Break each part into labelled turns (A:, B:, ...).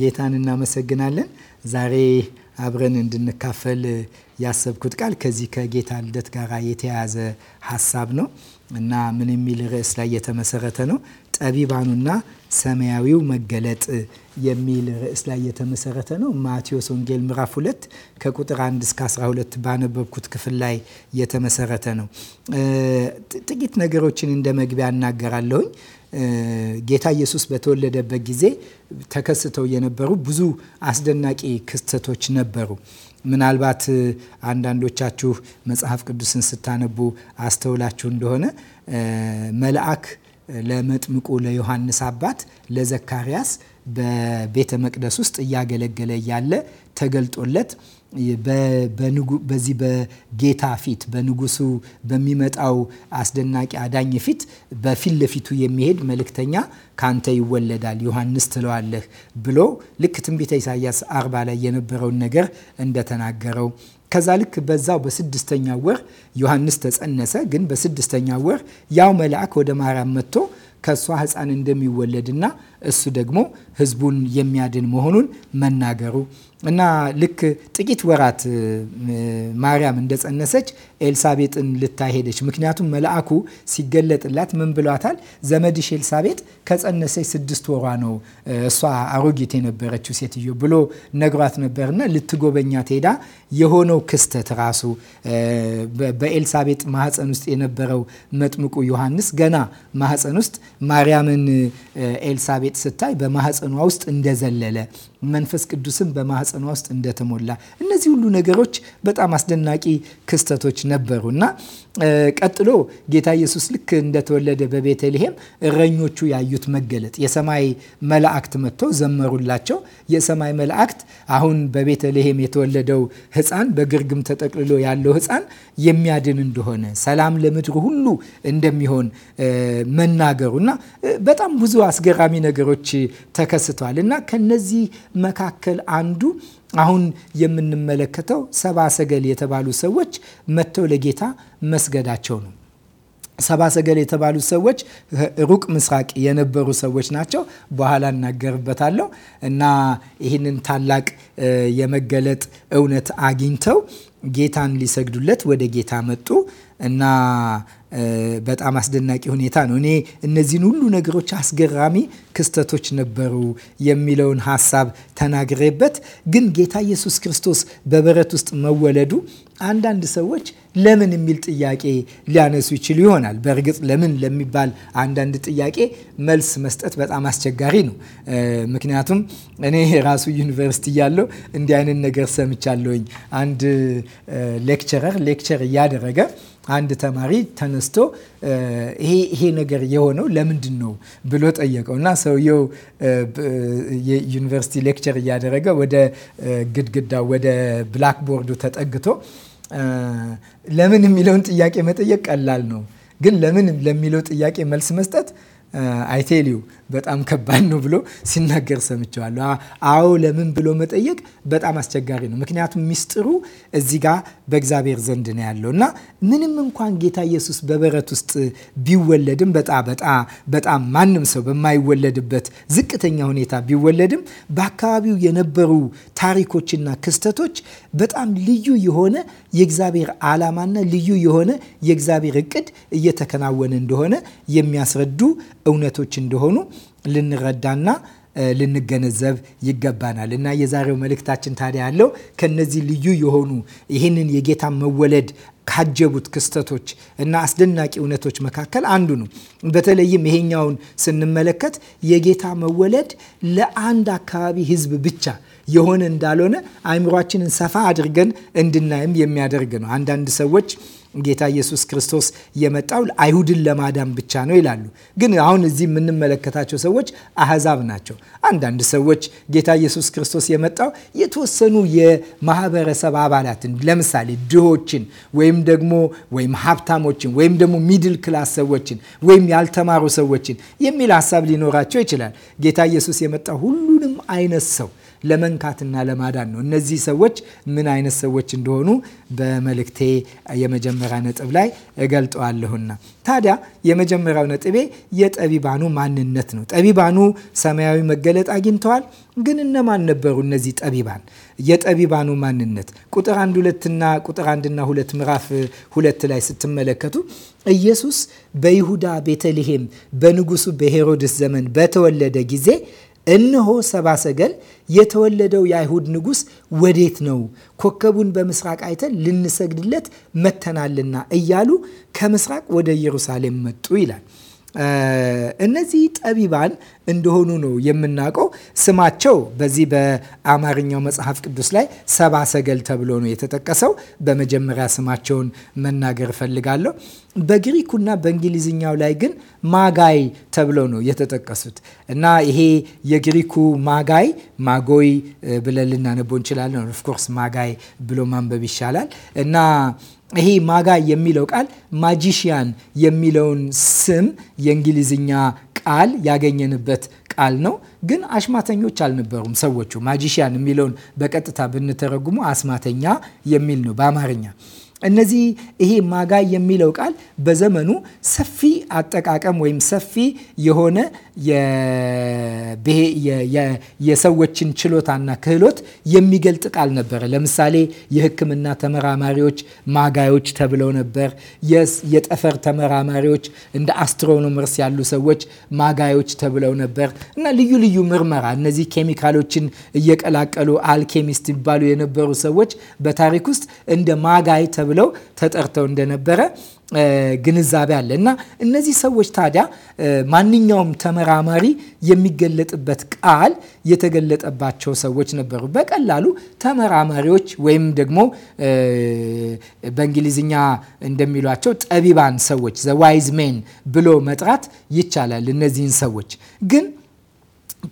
A: ጌታን እናመሰግናለን። ዛሬ አብረን እንድንካፈል ያሰብኩት ቃል ከዚህ ከጌታ ልደት ጋር የተያያዘ ሀሳብ ነው እና ምን የሚል ርዕስ ላይ የተመሰረተ ነው? ጠቢባኑና ሰማያዊው መገለጥ የሚል ርዕስ ላይ የተመሰረተ ነው። ማቴዎስ ወንጌል ምዕራፍ 2 ከቁጥር 1 እስከ 12 ባነበብኩት ክፍል ላይ የተመሰረተ ነው። ጥቂት ነገሮችን እንደ መግቢያ እናገራለሁኝ። ጌታ ኢየሱስ በተወለደበት ጊዜ ተከስተው የነበሩ ብዙ አስደናቂ ክስተቶች ነበሩ። ምናልባት አንዳንዶቻችሁ መጽሐፍ ቅዱስን ስታነቡ አስተውላችሁ እንደሆነ መልአክ ለመጥምቁ ለዮሐንስ አባት ለዘካርያስ በቤተ መቅደስ ውስጥ እያገለገለ እያለ ተገልጦለት በዚህ በጌታ ፊት በንጉሱ በሚመጣው አስደናቂ አዳኝ ፊት በፊት ለፊቱ የሚሄድ መልእክተኛ ካንተ ይወለዳል ዮሐንስ ትለዋለህ ብሎ ልክ ትንቢተ ኢሳያስ አርባ ላይ የነበረውን ነገር እንደተናገረው ከዛ ልክ በዛው በስድስተኛ ወር ዮሐንስ ተጸነሰ። ግን በስድስተኛ ወር ያው መልአክ ወደ ማርያም መጥቶ ከእሷ ሕፃን እንደሚወለድና እሱ ደግሞ ህዝቡን የሚያድን መሆኑን መናገሩ እና ልክ ጥቂት ወራት ማርያም እንደጸነሰች ኤልሳቤጥን ልታሄደች ምክንያቱም መልአኩ ሲገለጥላት ምን ብሏታል? ዘመድሽ ኤልሳቤጥ ከጸነሰች ስድስት ወሯ ነው እሷ አሮጊት የነበረችው ሴትዮ ብሎ ነግሯት ነበርና ልትጎበኛት ሄዳ የሆነው ክስተት ራሱ በኤልሳቤጥ ማህፀን ውስጥ የነበረው መጥምቁ ዮሐንስ ገና ማህፀን ውስጥ ማርያምን ኤልሳቤጥ ቤት ስታይ በማህፀኗ ውስጥ እንደዘለለ መንፈስ ቅዱስም በማህፀኗ ውስጥ እንደተሞላ እነዚህ ሁሉ ነገሮች በጣም አስደናቂ ክስተቶች ነበሩ እና ቀጥሎ ጌታ ኢየሱስ ልክ እንደተወለደ በቤተልሔም እረኞቹ ያዩት መገለጥ የሰማይ መላእክት መጥቶ ዘመሩላቸው። የሰማይ መላእክት አሁን በቤተልሔም የተወለደው ሕፃን በግርግም ተጠቅልሎ ያለው ሕፃን የሚያድን እንደሆነ ሰላም ለምድር ሁሉ እንደሚሆን መናገሩ እና በጣም ብዙ አስገራሚ ነገር ነገሮች ተከስተዋል እና ከነዚህ መካከል አንዱ አሁን የምንመለከተው ሰባ ሰገል የተባሉ ሰዎች መጥተው ለጌታ መስገዳቸው ነው። ሰባ ሰገል የተባሉ ሰዎች ሩቅ ምስራቅ የነበሩ ሰዎች ናቸው። በኋላ እናገርበታለሁ እና ይህንን ታላቅ የመገለጥ እውነት አግኝተው ጌታን ሊሰግዱለት ወደ ጌታ መጡ። እና በጣም አስደናቂ ሁኔታ ነው። እኔ እነዚህን ሁሉ ነገሮች አስገራሚ ክስተቶች ነበሩ የሚለውን ሀሳብ ተናግሬበት፣ ግን ጌታ ኢየሱስ ክርስቶስ በበረት ውስጥ መወለዱ አንዳንድ ሰዎች ለምን የሚል ጥያቄ ሊያነሱ ይችሉ ይሆናል። በእርግጥ ለምን ለሚባል አንዳንድ ጥያቄ መልስ መስጠት በጣም አስቸጋሪ ነው። ምክንያቱም እኔ ራሱ ዩኒቨርሲቲ እያለሁ እንዲህ አይነት ነገር ሰምቻለሁኝ። አንድ ሌክቸረር ሌክቸር እያደረገ አንድ ተማሪ ተነስቶ ይሄ ነገር የሆነው ለምንድን ነው ብሎ ጠየቀው እና ሰውየው የዩኒቨርሲቲ ሌክቸር እያደረገ ወደ ግድግዳው ወደ ብላክቦርዱ ተጠግቶ ለምን የሚለውን ጥያቄ መጠየቅ ቀላል ነው፣ ግን ለምን ለሚለው ጥያቄ መልስ መስጠት አይቴሊው በጣም ከባድ ነው ብሎ ሲናገር ሰምቸዋለሁ። አዎ ለምን ብሎ መጠየቅ በጣም አስቸጋሪ ነው። ምክንያቱም ሚስጥሩ እዚህ ጋር በእግዚአብሔር ዘንድ ነው ያለው እና ምንም እንኳን ጌታ ኢየሱስ በበረት ውስጥ ቢወለድም በጣ በጣ በጣም ማንም ሰው በማይወለድበት ዝቅተኛ ሁኔታ ቢወለድም በአካባቢው የነበሩ ታሪኮችና ክስተቶች በጣም ልዩ የሆነ የእግዚአብሔር ዓላማና ልዩ የሆነ የእግዚአብሔር እቅድ እየተከናወነ እንደሆነ የሚያስረዱ እውነቶች እንደሆኑ ልንረዳና ልንገነዘብ ይገባናል። እና የዛሬው መልእክታችን ታዲያ ያለው ከነዚህ ልዩ የሆኑ ይህንን የጌታ መወለድ ካጀቡት ክስተቶች እና አስደናቂ እውነቶች መካከል አንዱ ነው። በተለይም ይሄኛውን ስንመለከት የጌታ መወለድ ለአንድ አካባቢ ሕዝብ ብቻ የሆነ እንዳልሆነ አይምሯችንን ሰፋ አድርገን እንድናይም የሚያደርግ ነው። አንዳንድ ሰዎች ጌታ ኢየሱስ ክርስቶስ የመጣው አይሁድን ለማዳን ብቻ ነው ይላሉ። ግን አሁን እዚህ የምንመለከታቸው ሰዎች አህዛብ ናቸው። አንዳንድ ሰዎች ጌታ ኢየሱስ ክርስቶስ የመጣው የተወሰኑ የማህበረሰብ አባላትን ለምሳሌ ድሆችን፣ ወይም ደግሞ ወይም ሀብታሞችን፣ ወይም ደግሞ ሚድል ክላስ ሰዎችን ወይም ያልተማሩ ሰዎችን የሚል ሀሳብ ሊኖራቸው ይችላል። ጌታ ኢየሱስ የመጣው ሁሉንም አይነት ሰው ለመንካትና ለማዳን ነው። እነዚህ ሰዎች ምን አይነት ሰዎች እንደሆኑ በመልእክቴ የመጀመሪያ ነጥብ ላይ እገልጠዋለሁና ታዲያ የመጀመሪያው ነጥቤ የጠቢባኑ ማንነት ነው። ጠቢባኑ ሰማያዊ መገለጥ አግኝተዋል። ግን እነማን ነበሩ እነዚህ ጠቢባን? የጠቢባኑ ማንነት ቁጥር አንድ ሁለትና ቁጥር አንድና ሁለት ምዕራፍ ሁለት ላይ ስትመለከቱ ኢየሱስ በይሁዳ ቤተልሔም በንጉሱ በሄሮድስ ዘመን በተወለደ ጊዜ እነሆ ሰባሰገል ሰገል የተወለደው የአይሁድ ንጉሥ ወዴት ነው? ኮከቡን በምስራቅ አይተን ልንሰግድለት መተናልና እያሉ ከምስራቅ ወደ ኢየሩሳሌም መጡ ይላል። እነዚህ ጠቢባን እንደሆኑ ነው የምናውቀው። ስማቸው በዚህ በአማርኛው መጽሐፍ ቅዱስ ላይ ሰባ ሰገል ተብሎ ነው የተጠቀሰው። በመጀመሪያ ስማቸውን መናገር እፈልጋለሁ። በግሪኩና በእንግሊዝኛው ላይ ግን ማጋይ ተብሎ ነው የተጠቀሱት እና ይሄ የግሪኩ ማጋይ ማጎይ ብለን ልናነቦ እንችላለን። ኦፍኮርስ ማጋይ ብሎ ማንበብ ይሻላል እና ይሄ ማጋ የሚለው ቃል ማጂሽያን የሚለውን ስም የእንግሊዝኛ ቃል ያገኘንበት ቃል ነው። ግን አሽማተኞች አልነበሩም ሰዎቹ። ማጂሽያን የሚለውን በቀጥታ ብንተረጉሙ አስማተኛ የሚል ነው በአማርኛ እነዚህ ይሄ ማጋይ የሚለው ቃል በዘመኑ ሰፊ አጠቃቀም ወይም ሰፊ የሆነ የሰዎችን ችሎታና ክህሎት የሚገልጥ ቃል ነበረ። ለምሳሌ የሕክምና ተመራማሪዎች ማጋዮች ተብለው ነበር። የጠፈር ተመራማሪዎች እንደ አስትሮኖመርስ ያሉ ሰዎች ማጋዮች ተብለው ነበር እና ልዩ ልዩ ምርመራ እነዚህ ኬሚካሎችን እየቀላቀሉ አልኬሚስት ይባሉ የነበሩ ሰዎች በታሪክ ውስጥ እንደ ማጋይ ተብለው ተብለው ተጠርተው እንደነበረ ግንዛቤ አለ እና እነዚህ ሰዎች ታዲያ ማንኛውም ተመራማሪ የሚገለጥበት ቃል የተገለጠባቸው ሰዎች ነበሩ። በቀላሉ ተመራማሪዎች ወይም ደግሞ በእንግሊዝኛ እንደሚሏቸው ጠቢባን ሰዎች ዘ ዋይዝ ሜን ብሎ መጥራት ይቻላል። እነዚህን ሰዎች ግን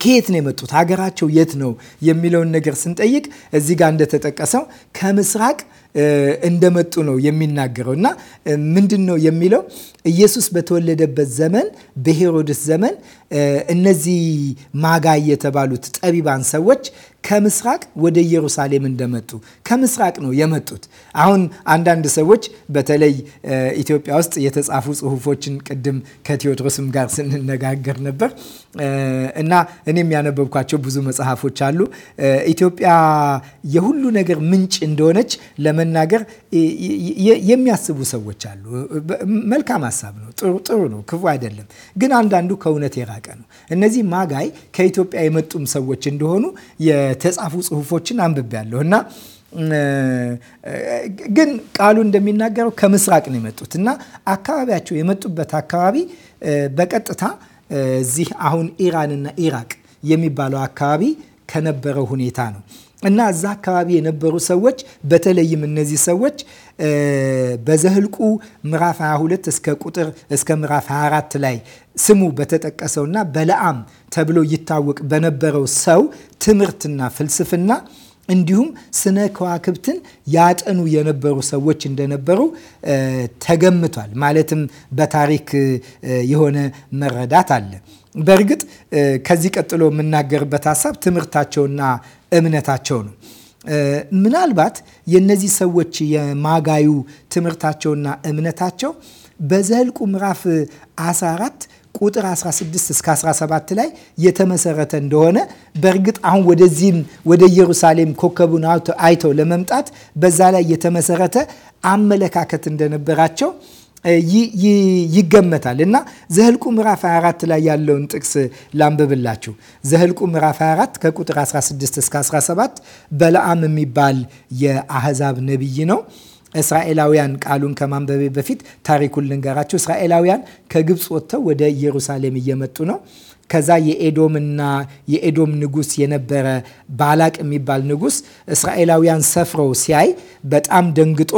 A: ከየት ነው የመጡት? ሀገራቸው የት ነው የሚለውን ነገር ስንጠይቅ እዚህ ጋር እንደተጠቀሰው ከምስራቅ እንደመጡ ነው የሚናገረው እና ምንድን ነው የሚለው ኢየሱስ በተወለደበት ዘመን በሄሮድስ ዘመን እነዚህ ማጋ የተባሉት ጠቢባን ሰዎች ከምስራቅ ወደ ኢየሩሳሌም እንደመጡ ከምስራቅ ነው የመጡት። አሁን አንዳንድ ሰዎች በተለይ ኢትዮጵያ ውስጥ የተጻፉ ጽሁፎችን ቅድም ከቴዎድሮስም ጋር ስንነጋገር ነበር እና እኔም ያነበብኳቸው ብዙ መጽሐፎች አሉ። ኢትዮጵያ የሁሉ ነገር ምንጭ እንደሆነች ለመናገር የሚያስቡ ሰዎች አሉ። መልካም ሀሳብ ነው፣ ጥሩ ነው፣ ክፉ አይደለም። ግን አንዳንዱ ከእውነት የራቀ የታወቀ ነው። እነዚህ ማጋይ ከኢትዮጵያ የመጡም ሰዎች እንደሆኑ የተጻፉ ጽሁፎችን አንብቤያለሁ እና ግን ቃሉ እንደሚናገረው ከምስራቅ ነው የመጡት እና አካባቢያቸው የመጡበት አካባቢ በቀጥታ እዚህ አሁን ኢራንና ኢራቅ የሚባለው አካባቢ ከነበረው ሁኔታ ነው እና እዛ አካባቢ የነበሩ ሰዎች በተለይም እነዚህ ሰዎች በዘህልቁ ምዕራፍ 22 እስከ ቁጥር እስከ ምዕራፍ 24 ላይ ስሙ በተጠቀሰውና በለዓም ተብሎ ይታወቅ በነበረው ሰው ትምህርትና ፍልስፍና እንዲሁም ስነ ከዋክብትን ያጠኑ የነበሩ ሰዎች እንደነበሩ ተገምቷል። ማለትም በታሪክ የሆነ መረዳት አለ። በእርግጥ ከዚህ ቀጥሎ የምናገርበት ሀሳብ ትምህርታቸውና እምነታቸው ነው። ምናልባት የነዚህ ሰዎች የማጋዩ ትምህርታቸውና እምነታቸው በዘልቁ ምዕራፍ 14 ቁጥር 16 እስከ 17 ላይ የተመሰረተ እንደሆነ በእርግጥ አሁን ወደዚህም ወደ ኢየሩሳሌም ኮከቡን አይተው ለመምጣት በዛ ላይ የተመሰረተ አመለካከት እንደነበራቸው ይገመታል እና ዘህልቁ ምዕራፍ 24 ላይ ያለውን ጥቅስ ላንብብላችሁ። ዘህልቁ ምዕራፍ 24 ከቁጥር 16 እስከ 17 በለዓም የሚባል የአህዛብ ነቢይ ነው። እስራኤላውያን ቃሉን ከማንበቤ በፊት ታሪኩን ልንገራችሁ። እስራኤላውያን ከግብፅ ወጥተው ወደ ኢየሩሳሌም እየመጡ ነው። ከዛ የኤዶምና የኤዶም ንጉስ የነበረ ባላቅ የሚባል ንጉስ እስራኤላውያን ሰፍረው ሲያይ በጣም ደንግጦ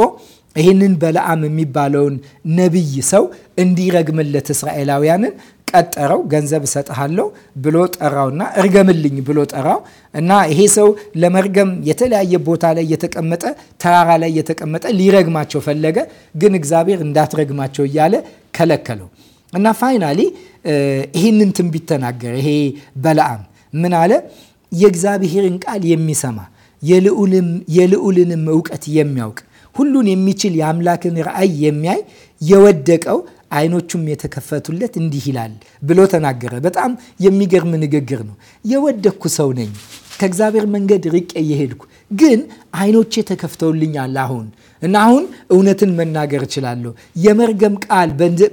A: ይህንን በለዓም የሚባለውን ነቢይ ሰው እንዲረግምለት እስራኤላውያንን ቀጠረው። ገንዘብ እሰጥሃለሁ ብሎ ጠራውና እርገምልኝ ብሎ ጠራው እና ይሄ ሰው ለመርገም የተለያየ ቦታ ላይ የተቀመጠ ተራራ ላይ የተቀመጠ ሊረግማቸው ፈለገ። ግን እግዚአብሔር እንዳትረግማቸው እያለ ከለከለው እና ፋይናሊ ይህንን ትንቢት ተናገረ። ይሄ በለዓም ምን አለ? የእግዚአብሔርን ቃል የሚሰማ የልዑልንም እውቀት የሚያውቅ ሁሉን የሚችል የአምላክን ራእይ የሚያይ የወደቀው አይኖቹም የተከፈቱለት እንዲህ ይላል ብሎ ተናገረ። በጣም የሚገርም ንግግር ነው። የወደቅኩ ሰው ነኝ ከእግዚአብሔር መንገድ ርቄ እየሄድኩ ግን አይኖቼ ተከፍተውልኛል አሁን እና አሁን እውነትን መናገር እችላለሁ። የመርገም ቃል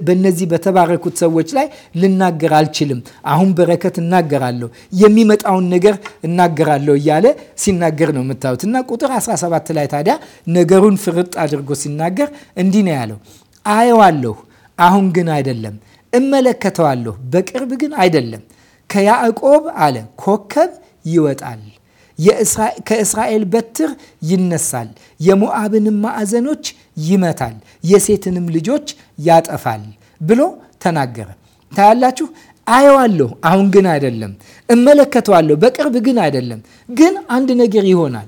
A: በእነዚህ በተባረኩት ሰዎች ላይ ልናገር አልችልም። አሁን በረከት እናገራለሁ፣ የሚመጣውን ነገር እናገራለሁ እያለ ሲናገር ነው የምታዩት። እና ቁጥር 17 ላይ ታዲያ ነገሩን ፍርጥ አድርጎ ሲናገር እንዲህ ነው ያለው፣ አየዋለሁ፣ አሁን ግን አይደለም፣ እመለከተዋለሁ፣ በቅርብ ግን አይደለም፣ ከያዕቆብ አለ ኮከብ ይወጣል፣ ከእስራኤል በትር ይነሳል፣ የሞዓብንም ማዕዘኖች ይመታል፣ የሴትንም ልጆች ያጠፋል ብሎ ተናገረ። ታያላችሁ። አየዋለሁ፣ አሁን ግን አይደለም። እመለከተዋለሁ፣ በቅርብ ግን አይደለም። ግን አንድ ነገር ይሆናል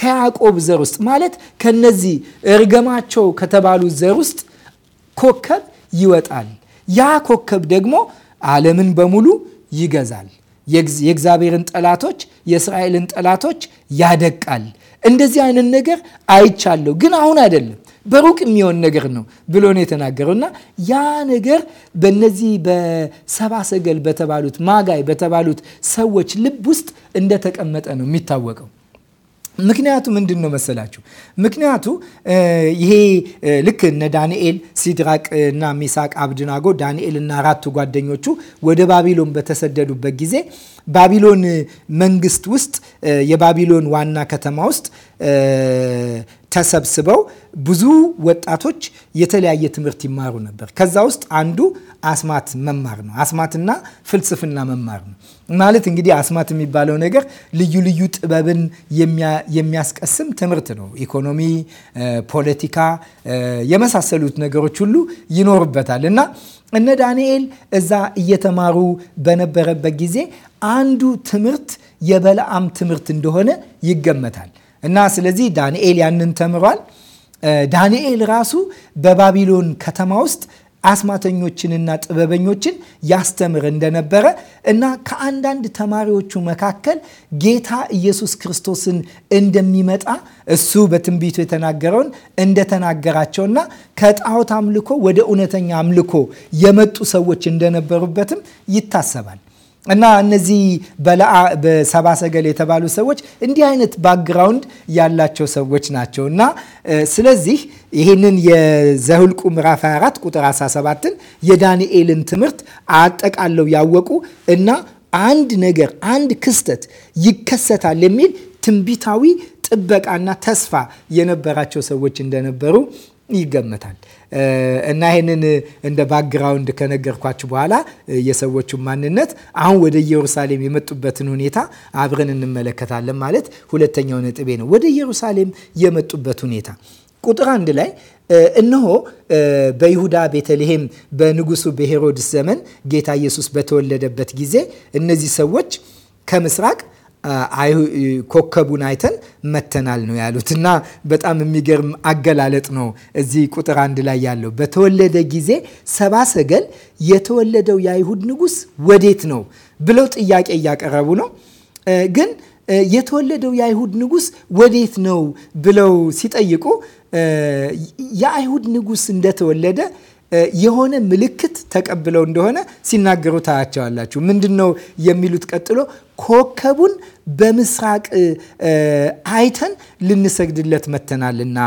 A: ከያዕቆብ ዘር ውስጥ ማለት ከነዚህ እርገማቸው ከተባሉ ዘር ውስጥ ኮከብ ይወጣል። ያ ኮከብ ደግሞ ዓለምን በሙሉ ይገዛል። የእግዚአብሔርን ጠላቶች የእስራኤልን ጠላቶች ያደቃል። እንደዚህ አይነት ነገር አይቻለሁ፣ ግን አሁን አይደለም በሩቅ የሚሆን ነገር ነው ብሎ ነው የተናገረው እና ያ ነገር በነዚህ በሰባ ሰገል በተባሉት ማጋይ በተባሉት ሰዎች ልብ ውስጥ እንደተቀመጠ ነው የሚታወቀው። ምክንያቱ ምንድን ነው መሰላችሁ? ምክንያቱ ይሄ ልክ እነ ዳንኤል ሲድራቅ እና ሚሳቅ አብድናጎ ዳንኤል እና አራቱ ጓደኞቹ ወደ ባቢሎን በተሰደዱበት ጊዜ ባቢሎን መንግስት ውስጥ የባቢሎን ዋና ከተማ ውስጥ ተሰብስበው ብዙ ወጣቶች የተለያየ ትምህርት ይማሩ ነበር። ከዛ ውስጥ አንዱ አስማት መማር ነው። አስማትና ፍልስፍና መማር ነው። ማለት እንግዲህ አስማት የሚባለው ነገር ልዩ ልዩ ጥበብን የሚያስቀስም ትምህርት ነው። ኢኮኖሚ፣ ፖለቲካ የመሳሰሉት ነገሮች ሁሉ ይኖሩበታል እና እነ ዳንኤል እዛ እየተማሩ በነበረበት ጊዜ አንዱ ትምህርት የበለዓም ትምህርት እንደሆነ ይገመታል። እና ስለዚህ ዳንኤል ያንን ተምሯል። ዳንኤል ራሱ በባቢሎን ከተማ ውስጥ አስማተኞችንና ጥበበኞችን ያስተምር እንደነበረ እና ከአንዳንድ ተማሪዎቹ መካከል ጌታ ኢየሱስ ክርስቶስን እንደሚመጣ እሱ በትንቢቱ የተናገረውን እንደተናገራቸውና ከጣዖት አምልኮ ወደ እውነተኛ አምልኮ የመጡ ሰዎች እንደነበሩበትም ይታሰባል። እና እነዚህ በሰባሰገል በሰባ ሰገል የተባሉ ሰዎች እንዲህ አይነት ባክግራውንድ ያላቸው ሰዎች ናቸው። እና ስለዚህ ይህንን የዘህልቁ ምዕራፍ 24 ቁጥር 17ን የዳንኤልን ትምህርት አጠቃለው ያወቁ እና አንድ ነገር አንድ ክስተት ይከሰታል የሚል ትንቢታዊ ጥበቃና ተስፋ የነበራቸው ሰዎች እንደነበሩ ይገመታል። እና ይህንን እንደ ባክግራውንድ ከነገርኳችሁ በኋላ የሰዎቹን ማንነት አሁን ወደ ኢየሩሳሌም የመጡበትን ሁኔታ አብረን እንመለከታለን። ማለት ሁለተኛው ነጥቤ ነው። ወደ ኢየሩሳሌም የመጡበት ሁኔታ ቁጥር አንድ ላይ እነሆ በይሁዳ ቤተልሔም በንጉሱ በሄሮድስ ዘመን ጌታ ኢየሱስ በተወለደበት ጊዜ እነዚህ ሰዎች ከምስራቅ ኮከቡን አይተን መተናል ነው ያሉት እና በጣም የሚገርም አገላለጥ ነው። እዚህ ቁጥር አንድ ላይ ያለው በተወለደ ጊዜ ሰባ ሰገል የተወለደው የአይሁድ ንጉስ ወዴት ነው ብለው ጥያቄ እያቀረቡ ነው ግን የተወለደው የአይሁድ ንጉስ ወዴት ነው ብለው ሲጠይቁ የአይሁድ ንጉስ እንደተወለደ የሆነ ምልክት ተቀብለው እንደሆነ ሲናገሩ ታያቸዋላችሁ። ምንድን ነው የሚሉት? ቀጥሎ ኮከቡን በምስራቅ አይተን ልንሰግድለት መተናልና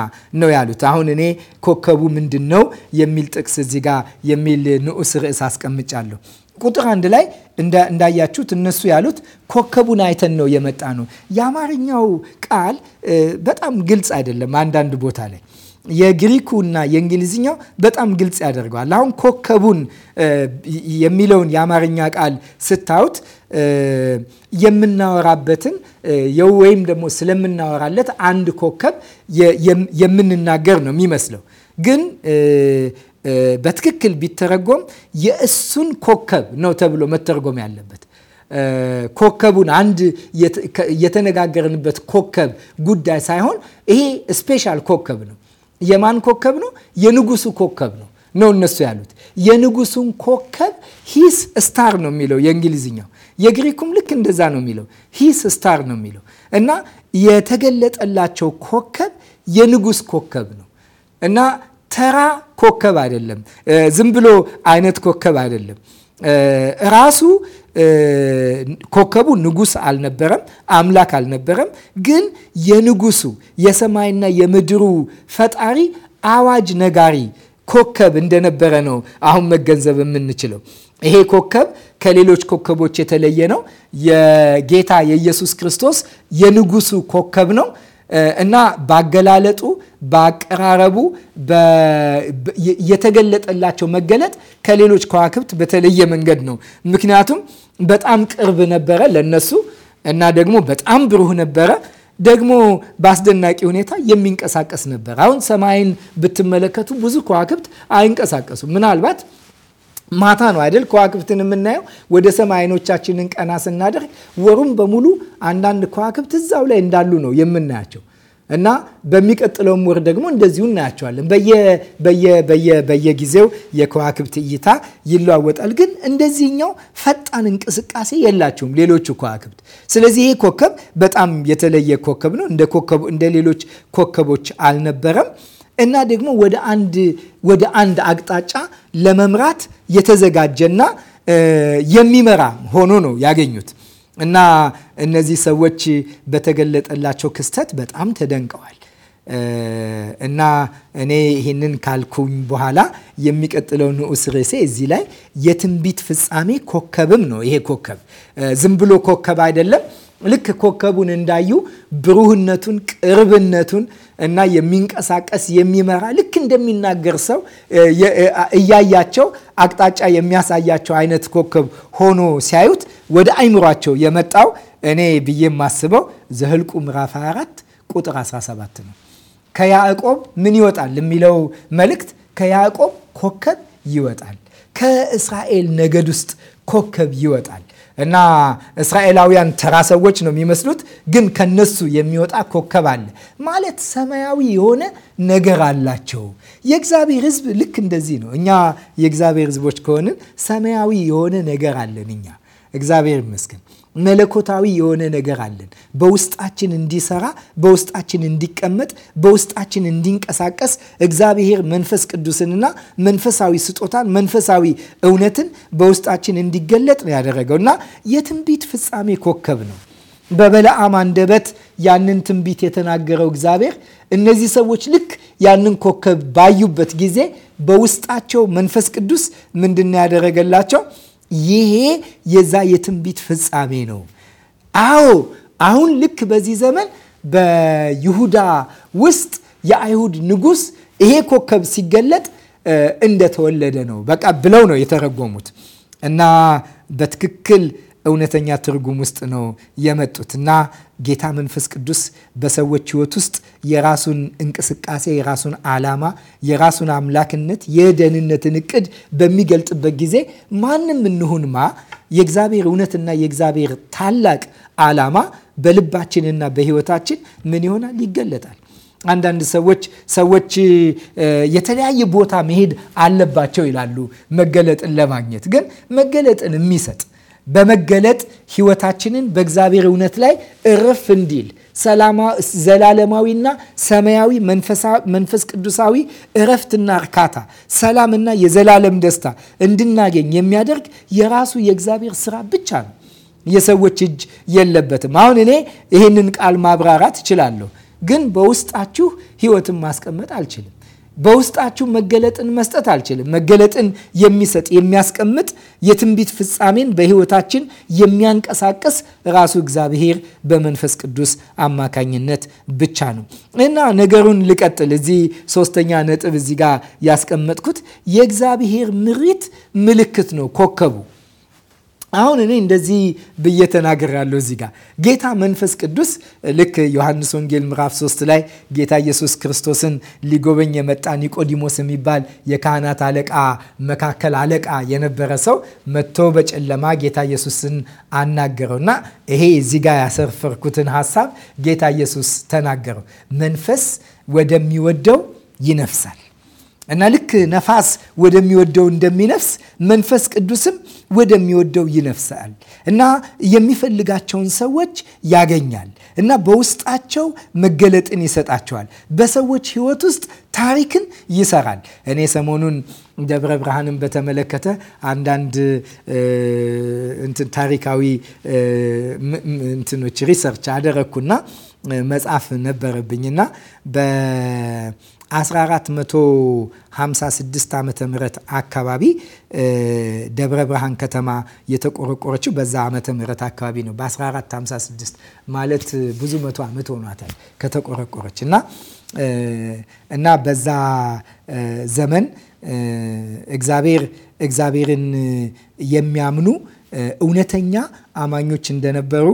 A: ነው ያሉት። አሁን እኔ ኮከቡ ምንድን ነው የሚል ጥቅስ እዚህ ጋር የሚል ንዑስ ርዕስ አስቀምጫለሁ። ቁጥር አንድ ላይ እንዳያችሁት እነሱ ያሉት ኮከቡን አይተን ነው የመጣ ነው። የአማርኛው ቃል በጣም ግልጽ አይደለም አንዳንድ ቦታ ላይ የግሪኩ እና የእንግሊዝኛው በጣም ግልጽ ያደርገዋል። አሁን ኮከቡን የሚለውን የአማርኛ ቃል ስታዩት የምናወራበትን ወይም ደግሞ ስለምናወራለት አንድ ኮከብ የምንናገር ነው የሚመስለው ግን በትክክል ቢተረጎም የእሱን ኮከብ ነው ተብሎ መተርጎም ያለበት። ኮከቡን አንድ የተነጋገርንበት ኮከብ ጉዳይ ሳይሆን ይሄ ስፔሻል ኮከብ ነው የማን ኮከብ ነው? የንጉሱ ኮከብ ነው ነው እነሱ ያሉት። የንጉሱን ኮከብ ሂስ ስታር ነው የሚለው የእንግሊዝኛው። የግሪኩም ልክ እንደዛ ነው የሚለው ሂስ ስታር ነው የሚለው እና የተገለጠላቸው ኮከብ የንጉስ ኮከብ ነው እና ተራ ኮከብ አይደለም። ዝም ብሎ አይነት ኮከብ አይደለም። ራሱ ኮከቡ ንጉስ አልነበረም፣ አምላክ አልነበረም። ግን የንጉሱ የሰማይና የምድሩ ፈጣሪ አዋጅ ነጋሪ ኮከብ እንደነበረ ነው አሁን መገንዘብ የምንችለው። ይሄ ኮከብ ከሌሎች ኮከቦች የተለየ ነው። የጌታ የኢየሱስ ክርስቶስ የንጉሱ ኮከብ ነው እና ባገላለጡ በአቀራረቡ የተገለጠላቸው መገለጥ ከሌሎች ከዋክብት በተለየ መንገድ ነው። ምክንያቱም በጣም ቅርብ ነበረ ለነሱ እና ደግሞ በጣም ብሩህ ነበረ። ደግሞ በአስደናቂ ሁኔታ የሚንቀሳቀስ ነበር። አሁን ሰማይን ብትመለከቱ ብዙ ከዋክብት አይንቀሳቀሱም። ምናልባት ማታ ነው አይደል? ከዋክብትን የምናየው ወደ ሰማይ አይኖቻችንን ቀና ስናደርግ ወሩም በሙሉ አንዳንድ ከዋክብት እዛው ላይ እንዳሉ ነው የምናያቸው። እና በሚቀጥለውም ወር ደግሞ እንደዚሁ እናያቸዋለን። በየጊዜው የከዋክብት እይታ ይለዋወጣል። ግን እንደዚህኛው ፈጣን እንቅስቃሴ የላቸውም ሌሎቹ ከዋክብት። ስለዚህ ይህ ኮከብ በጣም የተለየ ኮከብ ነው። እንደ ሌሎች ኮከቦች አልነበረም እና ደግሞ ወደ አንድ አቅጣጫ ለመምራት የተዘጋጀና የሚመራ ሆኖ ነው ያገኙት። እና እነዚህ ሰዎች በተገለጠላቸው ክስተት በጣም ተደንቀዋል። እና እኔ ይህንን ካልኩኝ በኋላ የሚቀጥለው ንዑስ ርዕሴ እዚህ ላይ የትንቢት ፍጻሜ ኮከብም ነው። ይሄ ኮከብ ዝም ብሎ ኮከብ አይደለም። ልክ ኮከቡን እንዳዩ ብሩህነቱን፣ ቅርብነቱን እና የሚንቀሳቀስ የሚመራ ልክ እንደሚናገር ሰው እያያቸው አቅጣጫ የሚያሳያቸው አይነት ኮከብ ሆኖ ሲያዩት ወደ አይምሯቸው የመጣው እኔ ብዬ የማስበው ዘህልቁ ምዕራፍ 24 ቁጥር 17 ነው። ከያዕቆብ ምን ይወጣል የሚለው መልእክት ከያዕቆብ ኮከብ ይወጣል፣ ከእስራኤል ነገድ ውስጥ ኮከብ ይወጣል። እና እስራኤላውያን ተራ ሰዎች ነው የሚመስሉት። ግን ከነሱ የሚወጣ ኮከብ አለ ማለት ሰማያዊ የሆነ ነገር አላቸው። የእግዚአብሔር ሕዝብ ልክ እንደዚህ ነው። እኛ የእግዚአብሔር ሕዝቦች ከሆንን ሰማያዊ የሆነ ነገር አለን። እኛ እግዚአብሔር ይመስገን መለኮታዊ የሆነ ነገር አለን። በውስጣችን እንዲሰራ፣ በውስጣችን እንዲቀመጥ፣ በውስጣችን እንዲንቀሳቀስ እግዚአብሔር መንፈስ ቅዱስንና መንፈሳዊ ስጦታን መንፈሳዊ እውነትን በውስጣችን እንዲገለጥ ነው ያደረገው እና የትንቢት ፍጻሜ ኮከብ ነው። በበለዓም አንደበት ያንን ትንቢት የተናገረው እግዚአብሔር እነዚህ ሰዎች ልክ ያንን ኮከብ ባዩበት ጊዜ በውስጣቸው መንፈስ ቅዱስ ምንድን ያደረገላቸው? ይሄ የዛ የትንቢት ፍጻሜ ነው። አዎ አሁን ልክ በዚህ ዘመን በይሁዳ ውስጥ የአይሁድ ንጉሥ ይሄ ኮከብ ሲገለጥ እንደተወለደ ነው በቃ ብለው ነው የተረጎሙት እና በትክክል እውነተኛ ትርጉም ውስጥ ነው የመጡት እና ጌታ መንፈስ ቅዱስ በሰዎች ህይወት ውስጥ የራሱን እንቅስቃሴ፣ የራሱን ዓላማ፣ የራሱን አምላክነት፣ የደህንነትን እቅድ በሚገልጥበት ጊዜ ማንም እንሁንማ የእግዚአብሔር እውነትና የእግዚአብሔር ታላቅ ዓላማ በልባችንና በህይወታችን ምን ይሆናል? ይገለጣል። አንዳንድ ሰዎች ሰዎች የተለያየ ቦታ መሄድ አለባቸው ይላሉ መገለጥን ለማግኘት ግን መገለጥን የሚሰጥ በመገለጥ ህይወታችንን በእግዚአብሔር እውነት ላይ እርፍ እንዲል ዘላለማዊና ሰማያዊ መንፈስ ቅዱሳዊ እረፍትና እርካታ፣ ሰላምና የዘላለም ደስታ እንድናገኝ የሚያደርግ የራሱ የእግዚአብሔር ስራ ብቻ ነው። የሰዎች እጅ የለበትም። አሁን እኔ ይህንን ቃል ማብራራት እችላለሁ፣ ግን በውስጣችሁ ህይወትን ማስቀመጥ አልችልም። በውስጣችሁ መገለጥን መስጠት አልችልም። መገለጥን የሚሰጥ የሚያስቀምጥ የትንቢት ፍጻሜን በሕይወታችን የሚያንቀሳቅስ ራሱ እግዚአብሔር በመንፈስ ቅዱስ አማካኝነት ብቻ ነው እና ነገሩን ልቀጥል። እዚህ ሶስተኛ ነጥብ እዚህ ጋር ያስቀመጥኩት የእግዚአብሔር ምሪት ምልክት ነው ኮከቡ አሁን እኔ እንደዚህ ብዬ ተናግሬያለሁ። እዚህ ጋር ጌታ መንፈስ ቅዱስ ልክ ዮሐንስ ወንጌል ምዕራፍ 3 ላይ ጌታ ኢየሱስ ክርስቶስን ሊጎበኝ የመጣ ኒቆዲሞስ የሚባል የካህናት አለቃ መካከል አለቃ የነበረ ሰው መጥቶ በጨለማ ጌታ ኢየሱስን አናገረው እና ይሄ እዚህ ጋር ያሰፈርኩትን ሀሳብ ጌታ ኢየሱስ ተናገረው። መንፈስ ወደሚወደው ይነፍሳል እና ልክ ነፋስ ወደሚወደው እንደሚነፍስ መንፈስ ቅዱስም ወደሚወደው ይነፍሳል እና የሚፈልጋቸውን ሰዎች ያገኛል እና በውስጣቸው መገለጥን ይሰጣቸዋል። በሰዎች ሕይወት ውስጥ ታሪክን ይሰራል። እኔ ሰሞኑን ደብረ ብርሃንን በተመለከተ አንዳንድ ታሪካዊ እንትኖች ሪሰርች አደረግኩና መጽሐፍ ነበረብኝና 1456 ዓ ምህረት አካባቢ ደብረ ብርሃን ከተማ የተቆረቆረችው በዛ ዓመተ ምህረት አካባቢ ነው። በ1456 ማለት ብዙ መቶ ዓመት ሆኗታል ከተቆረቆረች እና እና በዛ ዘመን እግዚአብሔር እግዚአብሔርን የሚያምኑ እውነተኛ አማኞች እንደነበሩ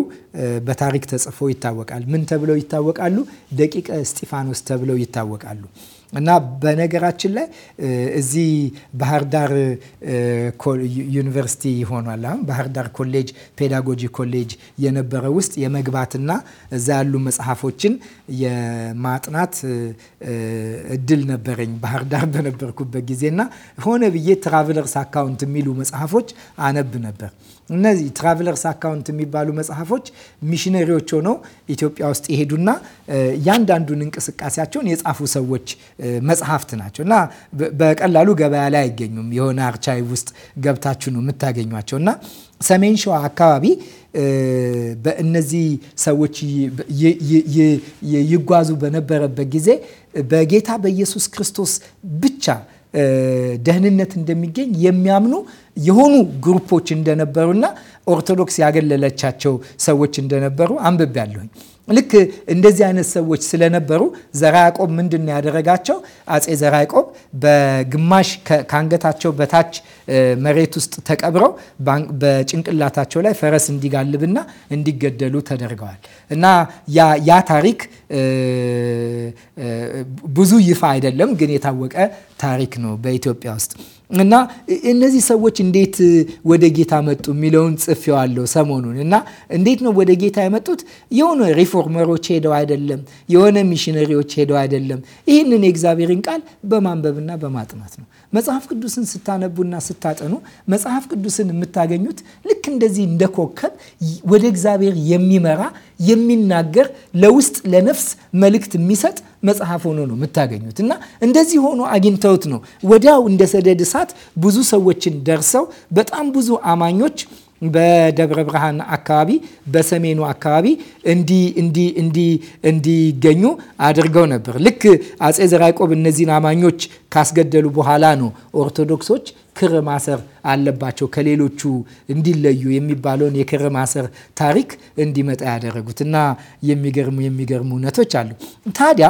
A: በታሪክ ተጽፎ ይታወቃል። ምን ተብለው ይታወቃሉ? ደቂቀ እስጢፋኖስ ተብለው ይታወቃሉ። እና በነገራችን ላይ እዚህ ባህር ዳር ዩኒቨርሲቲ ሆኗል። አሁን ባህር ዳር ኮሌጅ ፔዳጎጂ ኮሌጅ የነበረ ውስጥ የመግባትና እዛ ያሉ መጽሐፎችን የማጥናት እድል ነበረኝ ባህር ዳር በነበርኩበት ጊዜና ሆነ ብዬ ትራቭለርስ አካውንት የሚሉ መጽሐፎች አነብ ነበር እነዚህ ትራቨለርስ አካውንት የሚባሉ መጽሐፎች ሚሽነሪዎች ሆነው ኢትዮጵያ ውስጥ ይሄዱና እያንዳንዱን እንቅስቃሴያቸውን የጻፉ ሰዎች መጽሐፍት ናቸው እና በቀላሉ ገበያ ላይ አይገኙም። የሆነ አርቻይ ውስጥ ገብታችሁ ነው የምታገኟቸው እና ሰሜን ሸዋ አካባቢ በእነዚህ ሰዎች ይጓዙ በነበረበት ጊዜ በጌታ በኢየሱስ ክርስቶስ ብቻ ደህንነት እንደሚገኝ የሚያምኑ የሆኑ ግሩፖች እንደነበሩና ኦርቶዶክስ ያገለለቻቸው ሰዎች እንደነበሩ አንብቤያለሁኝ። ልክ እንደዚህ አይነት ሰዎች ስለነበሩ ዘራ ያዕቆብ ምንድን ያደረጋቸው? አጼ ዘራ ያዕቆብ በግማሽ ከአንገታቸው በታች መሬት ውስጥ ተቀብረው በጭንቅላታቸው ላይ ፈረስ እንዲጋልብና እንዲገደሉ ተደርገዋል እና ያ ታሪክ ብዙ ይፋ አይደለም፣ ግን የታወቀ ታሪክ ነው በኢትዮጵያ ውስጥ እና እነዚህ ሰዎች እንዴት ወደ ጌታ መጡ የሚለውን ጽፌዋለሁ ሰሞኑን። እና እንዴት ነው ወደ ጌታ የመጡት? የሆነ ሪፎርመሮች ሄደው አይደለም፣ የሆነ ሚሽነሪዎች ሄደው አይደለም። ይህንን የእግዚአብሔርን ቃል በማንበብና በማጥናት ነው። መጽሐፍ ቅዱስን ስታነቡና ስታጠኑ መጽሐፍ ቅዱስን የምታገኙት ልክ እንደዚህ እንደ ኮከብ ወደ እግዚአብሔር የሚመራ የሚናገር ለውስጥ ለነፍስ መልእክት የሚሰጥ መጽሐፍ ሆኖ ነው የምታገኙት። እና እንደዚህ ሆኖ አግኝተውት ነው ወዲያው እንደ ሰደድ እሳት ብዙ ሰዎችን ደርሰው በጣም ብዙ አማኞች በደብረ ብርሃን አካባቢ በሰሜኑ አካባቢ እንዲገኙ አድርገው ነበር። ልክ አጼ ዘርዓ ያዕቆብ እነዚህን አማኞች ካስገደሉ በኋላ ነው ኦርቶዶክሶች ክር ማሰር አለባቸው ከሌሎቹ እንዲለዩ የሚባለውን የክር ማሰር ታሪክ እንዲመጣ ያደረጉት እና የሚገርሙ የሚገርሙ እውነቶች አሉ። ታዲያ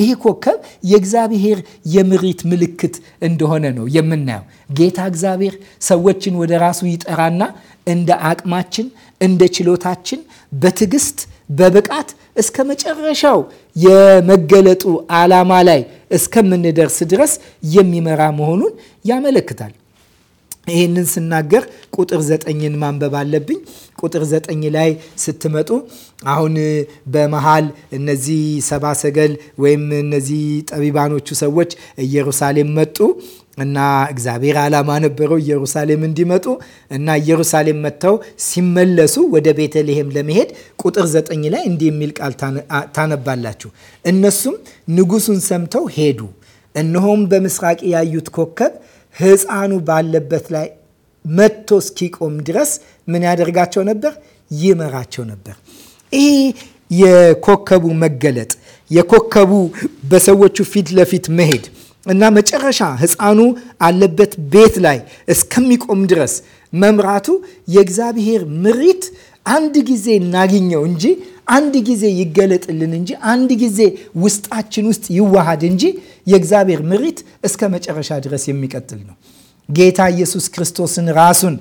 A: ይህ ኮከብ የእግዚአብሔር የምሪት ምልክት እንደሆነ ነው የምናየው። ጌታ እግዚአብሔር ሰዎችን ወደ ራሱ ይጠራና እንደ አቅማችን እንደ ችሎታችን በትዕግስት በብቃት እስከ መጨረሻው የመገለጡ ዓላማ ላይ እስከምንደርስ ድረስ የሚመራ መሆኑን ያመለክታል። ይህንን ስናገር ቁጥር ዘጠኝን ማንበብ አለብኝ። ቁጥር ዘጠኝ ላይ ስትመጡ አሁን በመሃል እነዚህ ሰባ ሰገል ወይም እነዚህ ጠቢባኖቹ ሰዎች ኢየሩሳሌም መጡ። እና እግዚአብሔር ዓላማ ነበረው ኢየሩሳሌም እንዲመጡ እና ኢየሩሳሌም መጥተው ሲመለሱ ወደ ቤተልሔም ለመሄድ ቁጥር ዘጠኝ ላይ እንዲህ የሚል ቃል ታነባላችሁ። እነሱም ንጉሱን ሰምተው ሄዱ። እነሆም በምስራቅ ያዩት ኮከብ ሕፃኑ ባለበት ላይ መጥቶ እስኪቆም ድረስ ምን ያደርጋቸው ነበር? ይመራቸው ነበር። ይሄ የኮከቡ መገለጥ የኮከቡ በሰዎቹ ፊት ለፊት መሄድ እና መጨረሻ ህፃኑ አለበት ቤት ላይ እስከሚቆም ድረስ መምራቱ የእግዚአብሔር ምሪት አንድ ጊዜ እናግኘው እንጂ አንድ ጊዜ ይገለጥልን እንጂ አንድ ጊዜ ውስጣችን ውስጥ ይዋሃድ እንጂ የእግዚአብሔር ምሪት እስከ መጨረሻ ድረስ የሚቀጥል ነው። ጌታ ኢየሱስ ክርስቶስን ራሱን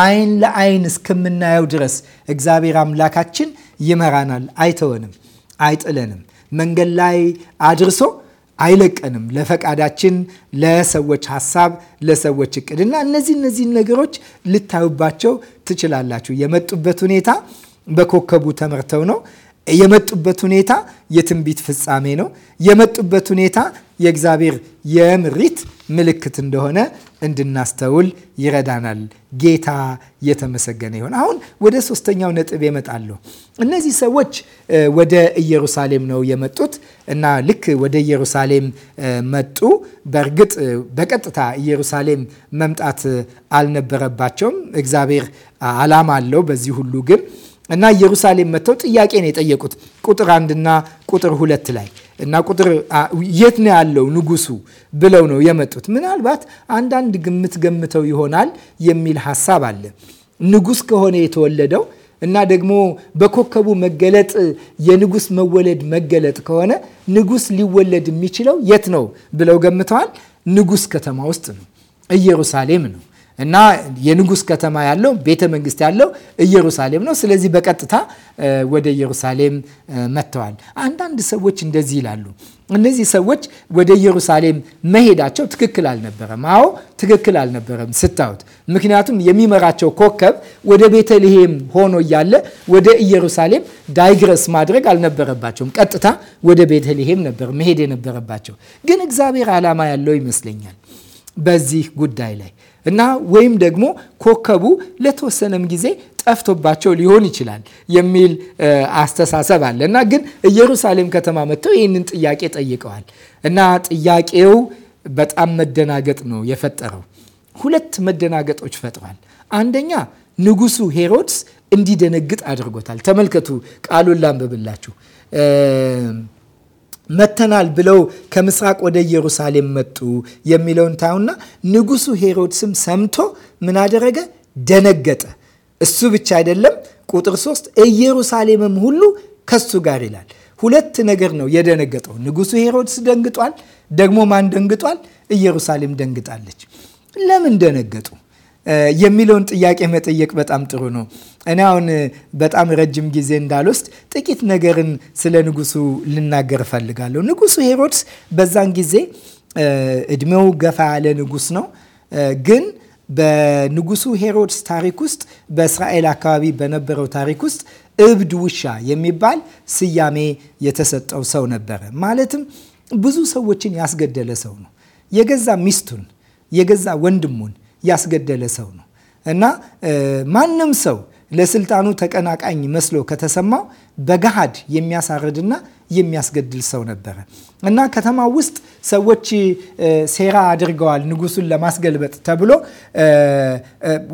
A: አይን ለአይን እስከምናየው ድረስ እግዚአብሔር አምላካችን ይመራናል፣ አይተወንም፣ አይጥለንም። መንገድ ላይ አድርሶ አይለቀንም ለፈቃዳችን፣ ለሰዎች ሀሳብ፣ ለሰዎች እቅድ እና እነዚህ እነዚህ ነገሮች ልታዩባቸው ትችላላችሁ። የመጡበት ሁኔታ በኮከቡ ተመርተው ነው። የመጡበት ሁኔታ የትንቢት ፍጻሜ ነው። የመጡበት ሁኔታ የእግዚአብሔር የምሪት ምልክት እንደሆነ እንድናስተውል ይረዳናል። ጌታ የተመሰገነ ይሆን። አሁን ወደ ሶስተኛው ነጥብ እመጣለሁ። እነዚህ ሰዎች ወደ ኢየሩሳሌም ነው የመጡት እና ልክ ወደ ኢየሩሳሌም መጡ። በእርግጥ በቀጥታ ኢየሩሳሌም መምጣት አልነበረባቸውም። እግዚአብሔር ዓላማ አለው በዚህ ሁሉ ግን እና ኢየሩሳሌም መጥተው ጥያቄ ነው የጠየቁት ቁጥር አንድና ቁጥር ሁለት ላይ እና ቁጥር የት ነው ያለው ንጉሱ ብለው ነው የመጡት። ምናልባት አንዳንድ ግምት ገምተው ይሆናል የሚል ሀሳብ አለ። ንጉስ ከሆነ የተወለደው እና ደግሞ በኮከቡ መገለጥ የንጉስ መወለድ መገለጥ ከሆነ ንጉስ ሊወለድ የሚችለው የት ነው ብለው ገምተዋል። ንጉስ ከተማ ውስጥ ነው፣ ኢየሩሳሌም ነው። እና የንጉስ ከተማ ያለው ቤተ መንግስት ያለው ኢየሩሳሌም ነው። ስለዚህ በቀጥታ ወደ ኢየሩሳሌም መጥተዋል። አንዳንድ ሰዎች እንደዚህ ይላሉ። እነዚህ ሰዎች ወደ ኢየሩሳሌም መሄዳቸው ትክክል አልነበረም። አዎ ትክክል አልነበረም ስታዩት። ምክንያቱም የሚመራቸው ኮከብ ወደ ቤተልሔም ሆኖ እያለ ወደ ኢየሩሳሌም ዳይግረስ ማድረግ አልነበረባቸውም። ቀጥታ ወደ ቤተልሔም ነበር መሄድ የነበረባቸው። ግን እግዚአብሔር ዓላማ ያለው ይመስለኛል በዚህ ጉዳይ ላይ እና ወይም ደግሞ ኮከቡ ለተወሰነም ጊዜ ጠፍቶባቸው ሊሆን ይችላል የሚል አስተሳሰብ አለ እና ግን ኢየሩሳሌም ከተማ መጥተው ይህንን ጥያቄ ጠይቀዋል እና ጥያቄው በጣም መደናገጥ ነው የፈጠረው። ሁለት መደናገጦች ፈጥሯል። አንደኛ ንጉሱ ሄሮድስ እንዲደነግጥ አድርጎታል። ተመልከቱ፣ ቃሉን ላንብብላችሁ። መተናል ብለው ከምስራቅ ወደ ኢየሩሳሌም መጡ የሚለውን ታዩና፣ ንጉሱ ሄሮድስም ሰምቶ ምን አደረገ? ደነገጠ። እሱ ብቻ አይደለም፣ ቁጥር ሶስት ኢየሩሳሌምም ሁሉ ከሱ ጋር ይላል። ሁለት ነገር ነው የደነገጠው። ንጉሱ ሄሮድስ ደንግጧል። ደግሞ ማን ደንግጧል? ኢየሩሳሌም ደንግጣለች። ለምን ደነገጡ? የሚለውን ጥያቄ መጠየቅ በጣም ጥሩ ነው። እኔ አሁን በጣም ረጅም ጊዜ እንዳልወስድ ጥቂት ነገርን ስለ ንጉሱ ልናገር እፈልጋለሁ። ንጉሱ ሄሮድስ በዛን ጊዜ እድሜው ገፋ ያለ ንጉስ ነው ግን በንጉሱ ሄሮድስ ታሪክ ውስጥ በእስራኤል አካባቢ በነበረው ታሪክ ውስጥ እብድ ውሻ የሚባል ስያሜ የተሰጠው ሰው ነበረ። ማለትም ብዙ ሰዎችን ያስገደለ ሰው ነው። የገዛ ሚስቱን፣ የገዛ ወንድሙን፣ ያስገደለ ሰው ነው እና ማንም ሰው ለስልጣኑ ተቀናቃኝ መስሎ ከተሰማው በገሃድ የሚያሳርድና የሚያስገድል ሰው ነበረ እና ከተማ ውስጥ ሰዎች ሴራ አድርገዋል ንጉሱን ለማስገልበጥ ተብሎ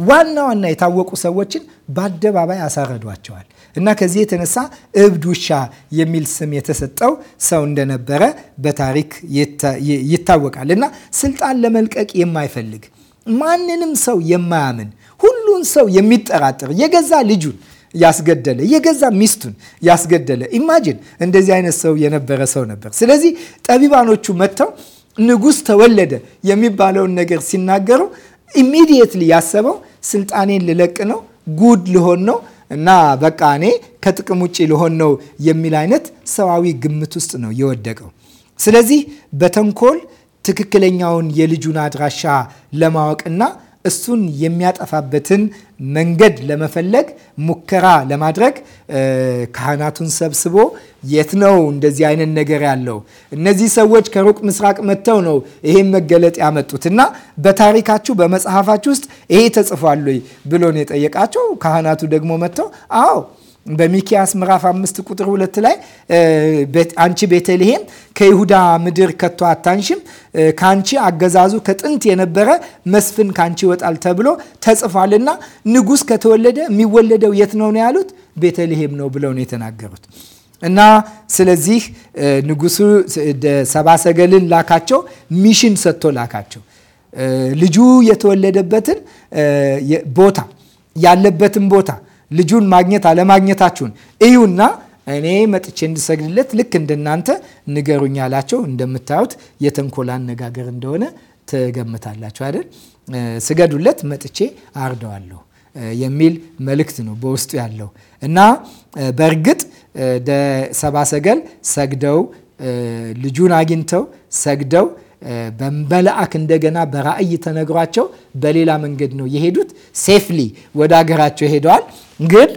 A: ዋና ዋና የታወቁ ሰዎችን በአደባባይ አሳረዷቸዋል እና ከዚህ የተነሳ እብድ ውሻ የሚል ስም የተሰጠው ሰው እንደነበረ በታሪክ ይታወቃል እና ስልጣን ለመልቀቅ የማይፈልግ ማንንም ሰው የማያምን ሁሉን ሰው የሚጠራጠር የገዛ ልጁን ያስገደለ የገዛ ሚስቱን ያስገደለ ኢማጂን እንደዚህ አይነት ሰው የነበረ ሰው ነበር። ስለዚህ ጠቢባኖቹ መጥተው ንጉሥ ተወለደ የሚባለውን ነገር ሲናገሩ ኢሚዲየትሊ ያሰበው ስልጣኔን ልለቅ ነው፣ ጉድ ልሆን ነው እና በቃ እኔ ከጥቅም ውጭ ልሆን ነው የሚል አይነት ሰዋዊ ግምት ውስጥ ነው የወደቀው። ስለዚህ በተንኮል ትክክለኛውን የልጁን አድራሻ ለማወቅና እሱን የሚያጠፋበትን መንገድ ለመፈለግ ሙከራ ለማድረግ ካህናቱን ሰብስቦ የት ነው እንደዚህ አይነት ነገር ያለው? እነዚህ ሰዎች ከሩቅ ምስራቅ መጥተው ነው ይሄን መገለጥ ያመጡት እና በታሪካችሁ በመጽሐፋችሁ ውስጥ ይሄ ተጽፏል ብሎ ነው የጠየቃቸው። ካህናቱ ደግሞ መጥተው አዎ በሚኪያስ ምዕራፍ አምስት ቁጥር ሁለት ላይ አንቺ ቤተልሔም ከይሁዳ ምድር ከቶ አታንሽም፣ ከአንቺ አገዛዙ ከጥንት የነበረ መስፍን ከአንቺ ይወጣል ተብሎ ተጽፏልና ንጉሥ ከተወለደ የሚወለደው የት ነው ነው ያሉት? ቤተልሔም ነው ብለው ነው የተናገሩት። እና ስለዚህ ንጉሱ ሰባ ሰገልን ላካቸው፣ ሚሽን ሰጥቶ ላካቸው ልጁ የተወለደበትን ቦታ ያለበትን ቦታ ልጁን ማግኘት አለማግኘታችሁን እዩና እኔ መጥቼ እንድሰግድለት ልክ እንደናንተ ንገሩኝ አላቸው። እንደምታዩት የተንኮል አነጋገር እንደሆነ ትገምታላችሁ አይደል? ስገዱለት መጥቼ አርደዋለሁ የሚል መልእክት ነው በውስጡ ያለው እና በእርግጥ ሰባ ሰገል ሰግደው ልጁን አግኝተው ሰግደው በመልአክ እንደገና በራእይ ተነግሯቸው በሌላ መንገድ ነው የሄዱት። ሴፍሊ ወደ ሀገራቸው ሄደዋል። ግን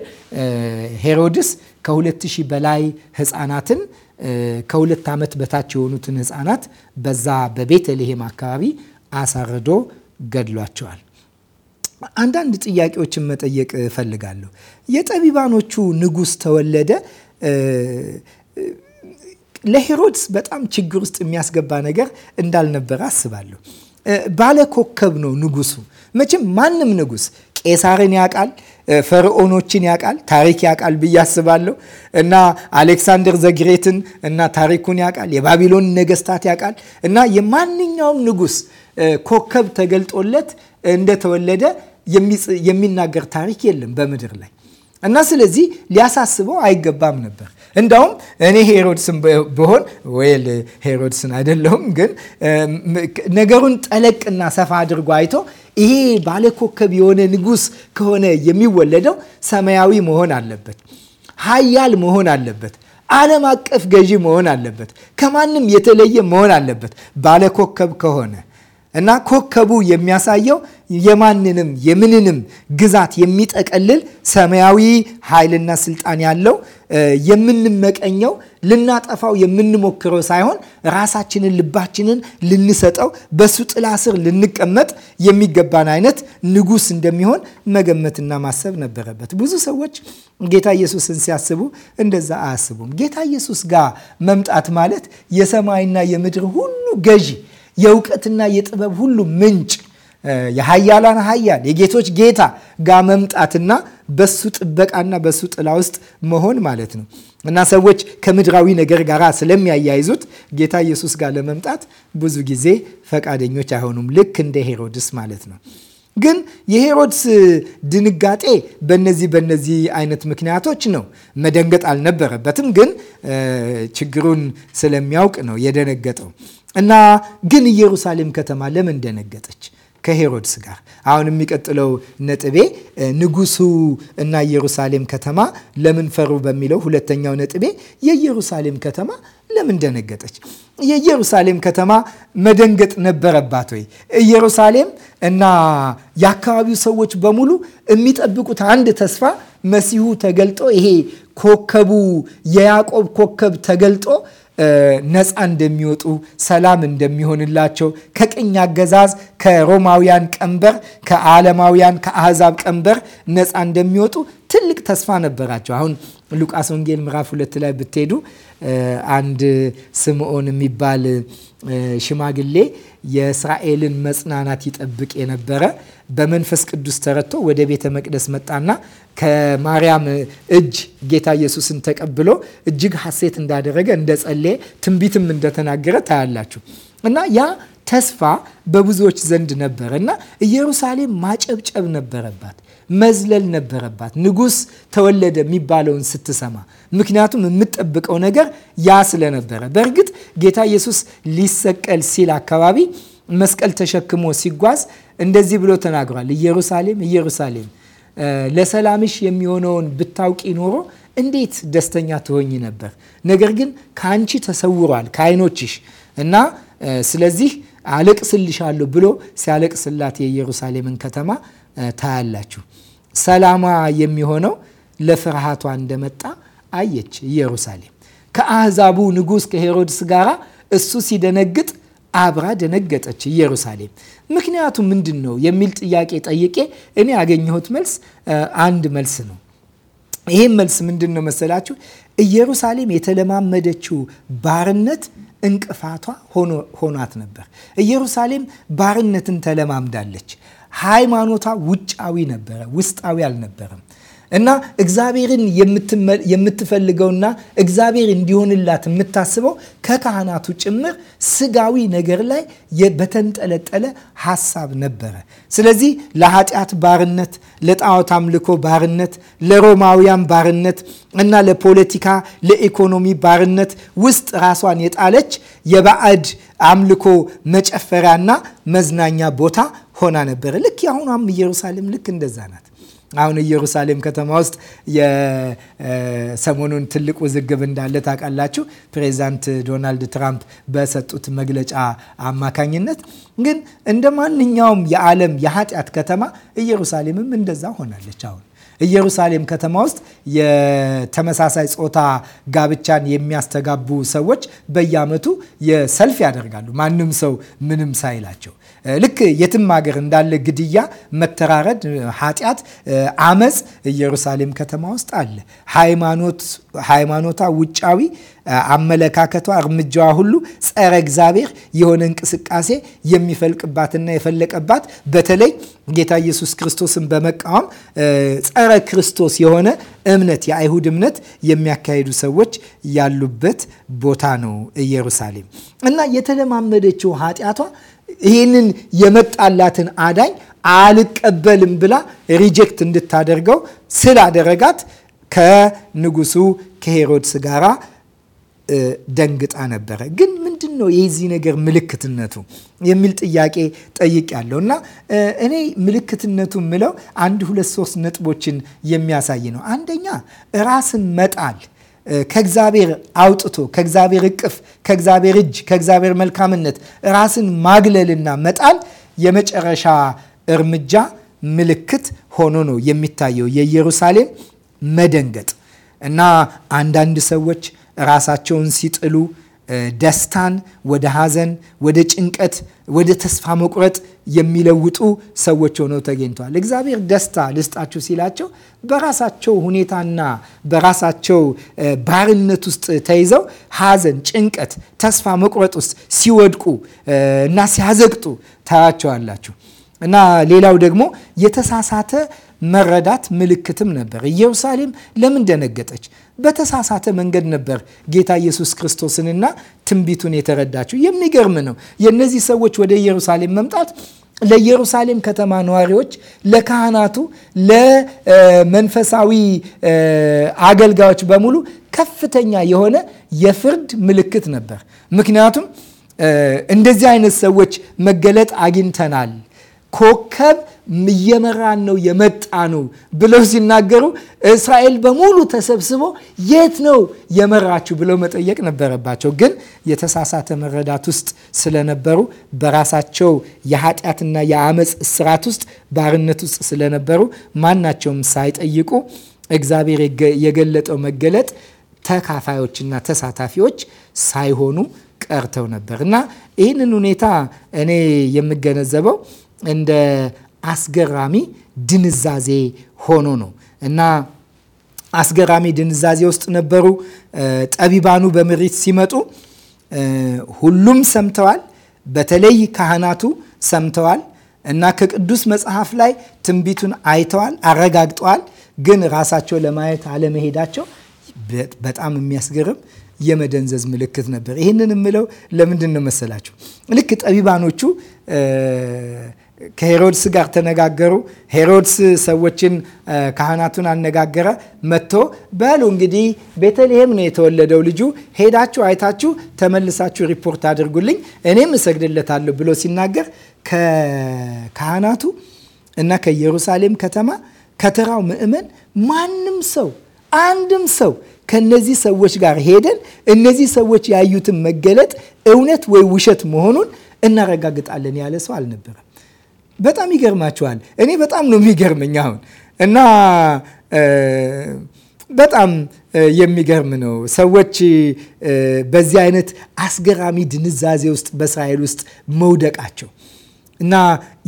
A: ሄሮድስ ከሁለት ሺህ በላይ ህፃናትን ከሁለት ዓመት በታች የሆኑትን ህፃናት በዛ በቤተልሔም አካባቢ አሳርዶ ገድሏቸዋል። አንዳንድ ጥያቄዎችን መጠየቅ እፈልጋለሁ። የጠቢባኖቹ ንጉስ ተወለደ ለሄሮድስ በጣም ችግር ውስጥ የሚያስገባ ነገር እንዳልነበረ አስባለሁ። ባለ ኮከብ ነው ንጉሱ። መቼም ማንም ንጉስ ቄሳርን ያውቃል፣ ፈርዖኖችን ያውቃል፣ ታሪክ ያውቃል ብዬ አስባለሁ እና አሌክሳንደር ዘግሬትን እና ታሪኩን ያውቃል፣ የባቢሎን ነገስታት ያውቃል እና የማንኛውም ንጉስ ኮከብ ተገልጦለት እንደተወለደ የሚናገር ታሪክ የለም በምድር ላይ እና ስለዚህ ሊያሳስበው አይገባም ነበር። እንዳውም እኔ ሄሮድስን ብሆን ወይል ሄሮድስን አይደለሁም፣ ግን ነገሩን ጠለቅና ሰፋ አድርጎ አይቶ ይሄ ባለኮከብ የሆነ ንጉስ ከሆነ የሚወለደው ሰማያዊ መሆን አለበት፣ ሀያል መሆን አለበት፣ ዓለም አቀፍ ገዢ መሆን አለበት፣ ከማንም የተለየ መሆን አለበት ባለኮከብ ከሆነ እና ኮከቡ የሚያሳየው የማንንም የምንንም ግዛት የሚጠቀልል ሰማያዊ ኃይልና ስልጣን ያለው የምንመቀኘው ልናጠፋው የምንሞክረው ሳይሆን ራሳችንን ልባችንን ልንሰጠው በሱ ጥላ ስር ልንቀመጥ የሚገባን አይነት ንጉስ እንደሚሆን መገመትና ማሰብ ነበረበት። ብዙ ሰዎች ጌታ ኢየሱስን ሲያስቡ እንደዛ አያስቡም። ጌታ ኢየሱስ ጋር መምጣት ማለት የሰማይና የምድር ሁሉ ገዢ የእውቀትና የጥበብ ሁሉ ምንጭ የሀያላን ሀያል የጌቶች ጌታ ጋር መምጣትና በሱ ጥበቃና በሱ ጥላ ውስጥ መሆን ማለት ነው እና ሰዎች ከምድራዊ ነገር ጋር ስለሚያያይዙት ጌታ ኢየሱስ ጋር ለመምጣት ብዙ ጊዜ ፈቃደኞች አይሆኑም። ልክ እንደ ሄሮድስ ማለት ነው። ግን የሄሮድስ ድንጋጤ በነዚህ በነዚህ አይነት ምክንያቶች ነው። መደንገጥ አልነበረበትም፣ ግን ችግሩን ስለሚያውቅ ነው የደነገጠው። እና ግን ኢየሩሳሌም ከተማ ለምን ደነገጠች? ከሄሮድስ ጋር አሁን የሚቀጥለው ነጥቤ ንጉሱ እና ኢየሩሳሌም ከተማ ለምን ፈሩ በሚለው ሁለተኛው ነጥቤ የኢየሩሳሌም ከተማ ለምን ደነገጠች? የኢየሩሳሌም ከተማ መደንገጥ ነበረባት ወይ? ኢየሩሳሌም እና የአካባቢው ሰዎች በሙሉ የሚጠብቁት አንድ ተስፋ መሲሁ ተገልጦ ይሄ ኮከቡ የያዕቆብ ኮከብ ተገልጦ ነፃ እንደሚወጡ፣ ሰላም እንደሚሆንላቸው፣ ከቅኝ አገዛዝ፣ ከሮማውያን ቀንበር፣ ከዓለማውያን፣ ከአህዛብ ቀንበር ነፃ እንደሚወጡ ትልቅ ተስፋ ነበራቸው። አሁን ሉቃስ ወንጌል ምዕራፍ ሁለት ላይ ብትሄዱ አንድ ስምዖን የሚባል ሽማግሌ የእስራኤልን መጽናናት ይጠብቅ የነበረ በመንፈስ ቅዱስ ተረቶ ወደ ቤተ መቅደስ መጣና ከማርያም እጅ ጌታ ኢየሱስን ተቀብሎ እጅግ ሐሴት እንዳደረገ እንደጸለየ ትንቢትም እንደተናገረ ታያላችሁ እና ያ ተስፋ በብዙዎች ዘንድ ነበረ እና ኢየሩሳሌም ማጨብጨብ ነበረባት፣ መዝለል ነበረባት ንጉሥ ተወለደ የሚባለውን ስትሰማ። ምክንያቱም የምጠብቀው ነገር ያ ስለነበረ። በእርግጥ ጌታ ኢየሱስ ሊሰቀል ሲል አካባቢ መስቀል ተሸክሞ ሲጓዝ እንደዚህ ብሎ ተናግሯል። ኢየሩሳሌም ኢየሩሳሌም ለሰላምሽ የሚሆነውን ብታውቂ ኖሮ እንዴት ደስተኛ ትሆኝ ነበር። ነገር ግን ከአንቺ ተሰውሯል ከዓይኖችሽ እና ስለዚህ አለቅስልሻለሁ ብሎ ሲያለቅስላት የኢየሩሳሌምን ከተማ ታያላችሁ። ሰላሟ የሚሆነው ለፍርሃቷ እንደመጣ አየች። ኢየሩሳሌም ከአህዛቡ ንጉሥ ከሄሮድስ ጋር እሱ ሲደነግጥ አብራ ደነገጠች ኢየሩሳሌም። ምክንያቱ ምንድን ነው የሚል ጥያቄ ጠይቄ እኔ ያገኘሁት መልስ አንድ መልስ ነው። ይህም መልስ ምንድን ነው መሰላችሁ? ኢየሩሳሌም የተለማመደችው ባርነት እንቅፋቷ ሆኗት ነበር። ኢየሩሳሌም ባርነትን ተለማምዳለች። ሃይማኖቷ ውጫዊ ነበረ፣ ውስጣዊ አልነበረም። እና እግዚአብሔርን የምትፈልገውና እግዚአብሔር እንዲሆንላት የምታስበው ከካህናቱ ጭምር ስጋዊ ነገር ላይ በተንጠለጠለ ሀሳብ ነበረ። ስለዚህ ለኃጢአት ባርነት፣ ለጣዖት አምልኮ ባርነት፣ ለሮማውያን ባርነት እና ለፖለቲካ ለኢኮኖሚ ባርነት ውስጥ ራሷን የጣለች የባዕድ አምልኮ መጨፈሪያና መዝናኛ ቦታ ሆና ነበረ። ልክ የአሁኗም ኢየሩሳሌም ልክ እንደዛ ናት። አሁን ኢየሩሳሌም ከተማ ውስጥ የሰሞኑን ትልቅ ውዝግብ እንዳለ ታውቃላችሁ። ፕሬዚዳንት ዶናልድ ትራምፕ በሰጡት መግለጫ አማካኝነት ግን እንደ ማንኛውም የዓለም የኃጢአት ከተማ ኢየሩሳሌምም እንደዛ ሆናለች። አሁን ኢየሩሳሌም ከተማ ውስጥ የተመሳሳይ ጾታ ጋብቻን የሚያስተጋቡ ሰዎች በየዓመቱ የሰልፍ ያደርጋሉ ማንም ሰው ምንም ሳይላቸው ልክ የትም ሀገር እንዳለ ግድያ፣ መተራረድ፣ ኃጢአት፣ አመፅ ኢየሩሳሌም ከተማ ውስጥ አለ። ሃይማኖቷ፣ ውጫዊ አመለካከቷ፣ እርምጃዋ ሁሉ ጸረ እግዚአብሔር የሆነ እንቅስቃሴ የሚፈልቅባትና የፈለቀባት በተለይ ጌታ ኢየሱስ ክርስቶስን በመቃወም ጸረ ክርስቶስ የሆነ እምነት የአይሁድ እምነት የሚያካሂዱ ሰዎች ያሉበት ቦታ ነው ኢየሩሳሌም እና የተለማመደችው ኃጢአቷ ይህንን የመጣላትን አዳኝ አልቀበልም ብላ ሪጀክት እንድታደርገው ስላደረጋት ከንጉሱ ከሄሮድስ ጋር ደንግጣ ነበረ። ግን ምንድን ነው የዚህ ነገር ምልክትነቱ የሚል ጥያቄ ጠይቅ ያለው እና እኔ ምልክትነቱ ምለው አንድ ሁለት ሶስት ነጥቦችን የሚያሳይ ነው። አንደኛ ራስን መጣል ከእግዚአብሔር አውጥቶ ከእግዚአብሔር እቅፍ፣ ከእግዚአብሔር እጅ፣ ከእግዚአብሔር መልካምነት ራስን ማግለልና መጣል የመጨረሻ እርምጃ ምልክት ሆኖ ነው የሚታየው የኢየሩሳሌም መደንገጥ እና አንዳንድ ሰዎች ራሳቸውን ሲጥሉ ደስታን ወደ ሐዘን፣ ወደ ጭንቀት፣ ወደ ተስፋ መቁረጥ የሚለውጡ ሰዎች ሆነው ተገኝተዋል። እግዚአብሔር ደስታ ልስጣችሁ ሲላቸው በራሳቸው ሁኔታና በራሳቸው ባርነት ውስጥ ተይዘው ሐዘን፣ ጭንቀት፣ ተስፋ መቁረጥ ውስጥ ሲወድቁ እና ሲያዘግጡ ታያቸዋላችሁ። እና ሌላው ደግሞ የተሳሳተ መረዳት ምልክትም ነበር። ኢየሩሳሌም ለምን ደነገጠች? በተሳሳተ መንገድ ነበር ጌታ ኢየሱስ ክርስቶስንና ትንቢቱን የተረዳችው። የሚገርም ነው። የእነዚህ ሰዎች ወደ ኢየሩሳሌም መምጣት ለኢየሩሳሌም ከተማ ነዋሪዎች፣ ለካህናቱ፣ ለመንፈሳዊ አገልጋዮች በሙሉ ከፍተኛ የሆነ የፍርድ ምልክት ነበር። ምክንያቱም እንደዚህ አይነት ሰዎች መገለጥ አግኝተናል ኮከብ እየመራን ነው የመጣ ነው ብለው ሲናገሩ እስራኤል በሙሉ ተሰብስቦ የት ነው የመራችሁ ብለው መጠየቅ ነበረባቸው። ግን የተሳሳተ መረዳት ውስጥ ስለነበሩ በራሳቸው የኃጢአትና የአመፅ እስራት ውስጥ ባርነት ውስጥ ስለነበሩ ማናቸውም ሳይጠይቁ እግዚአብሔር የገለጠው መገለጥ ተካፋዮችና ተሳታፊዎች ሳይሆኑ ቀርተው ነበር እና ይህንን ሁኔታ እኔ የምገነዘበው እንደ አስገራሚ ድንዛዜ ሆኖ ነው እና አስገራሚ ድንዛዜ ውስጥ ነበሩ። ጠቢባኑ በምሪት ሲመጡ ሁሉም ሰምተዋል። በተለይ ካህናቱ ሰምተዋል እና ከቅዱስ መጽሐፍ ላይ ትንቢቱን አይተዋል፣ አረጋግጠዋል። ግን ራሳቸው ለማየት አለመሄዳቸው በጣም የሚያስገርም የመደንዘዝ ምልክት ነበር። ይህንን የምለው ለምንድን ነው መሰላችሁ? ልክ ጠቢባኖቹ ከሄሮድስ ጋር ተነጋገሩ። ሄሮድስ ሰዎችን ካህናቱን አነጋገረ። መጥቶ በሉ እንግዲህ ቤተልሔም ነው የተወለደው ልጁ፣ ሄዳችሁ አይታችሁ ተመልሳችሁ ሪፖርት አድርጉልኝ፣ እኔም እሰግድለታለሁ ብሎ ሲናገር ከካህናቱ እና ከኢየሩሳሌም ከተማ ከተራው ምእመን ማንም ሰው አንድም ሰው ከነዚህ ሰዎች ጋር ሄደን እነዚህ ሰዎች ያዩትን መገለጥ እውነት ወይ ውሸት መሆኑን እናረጋግጣለን ያለ ሰው አልነበረም። በጣም ይገርማችኋል። እኔ በጣም ነው የሚገርመኝ አሁን እና በጣም የሚገርም ነው። ሰዎች በዚህ አይነት አስገራሚ ድንዛዜ ውስጥ በእስራኤል ውስጥ መውደቃቸው እና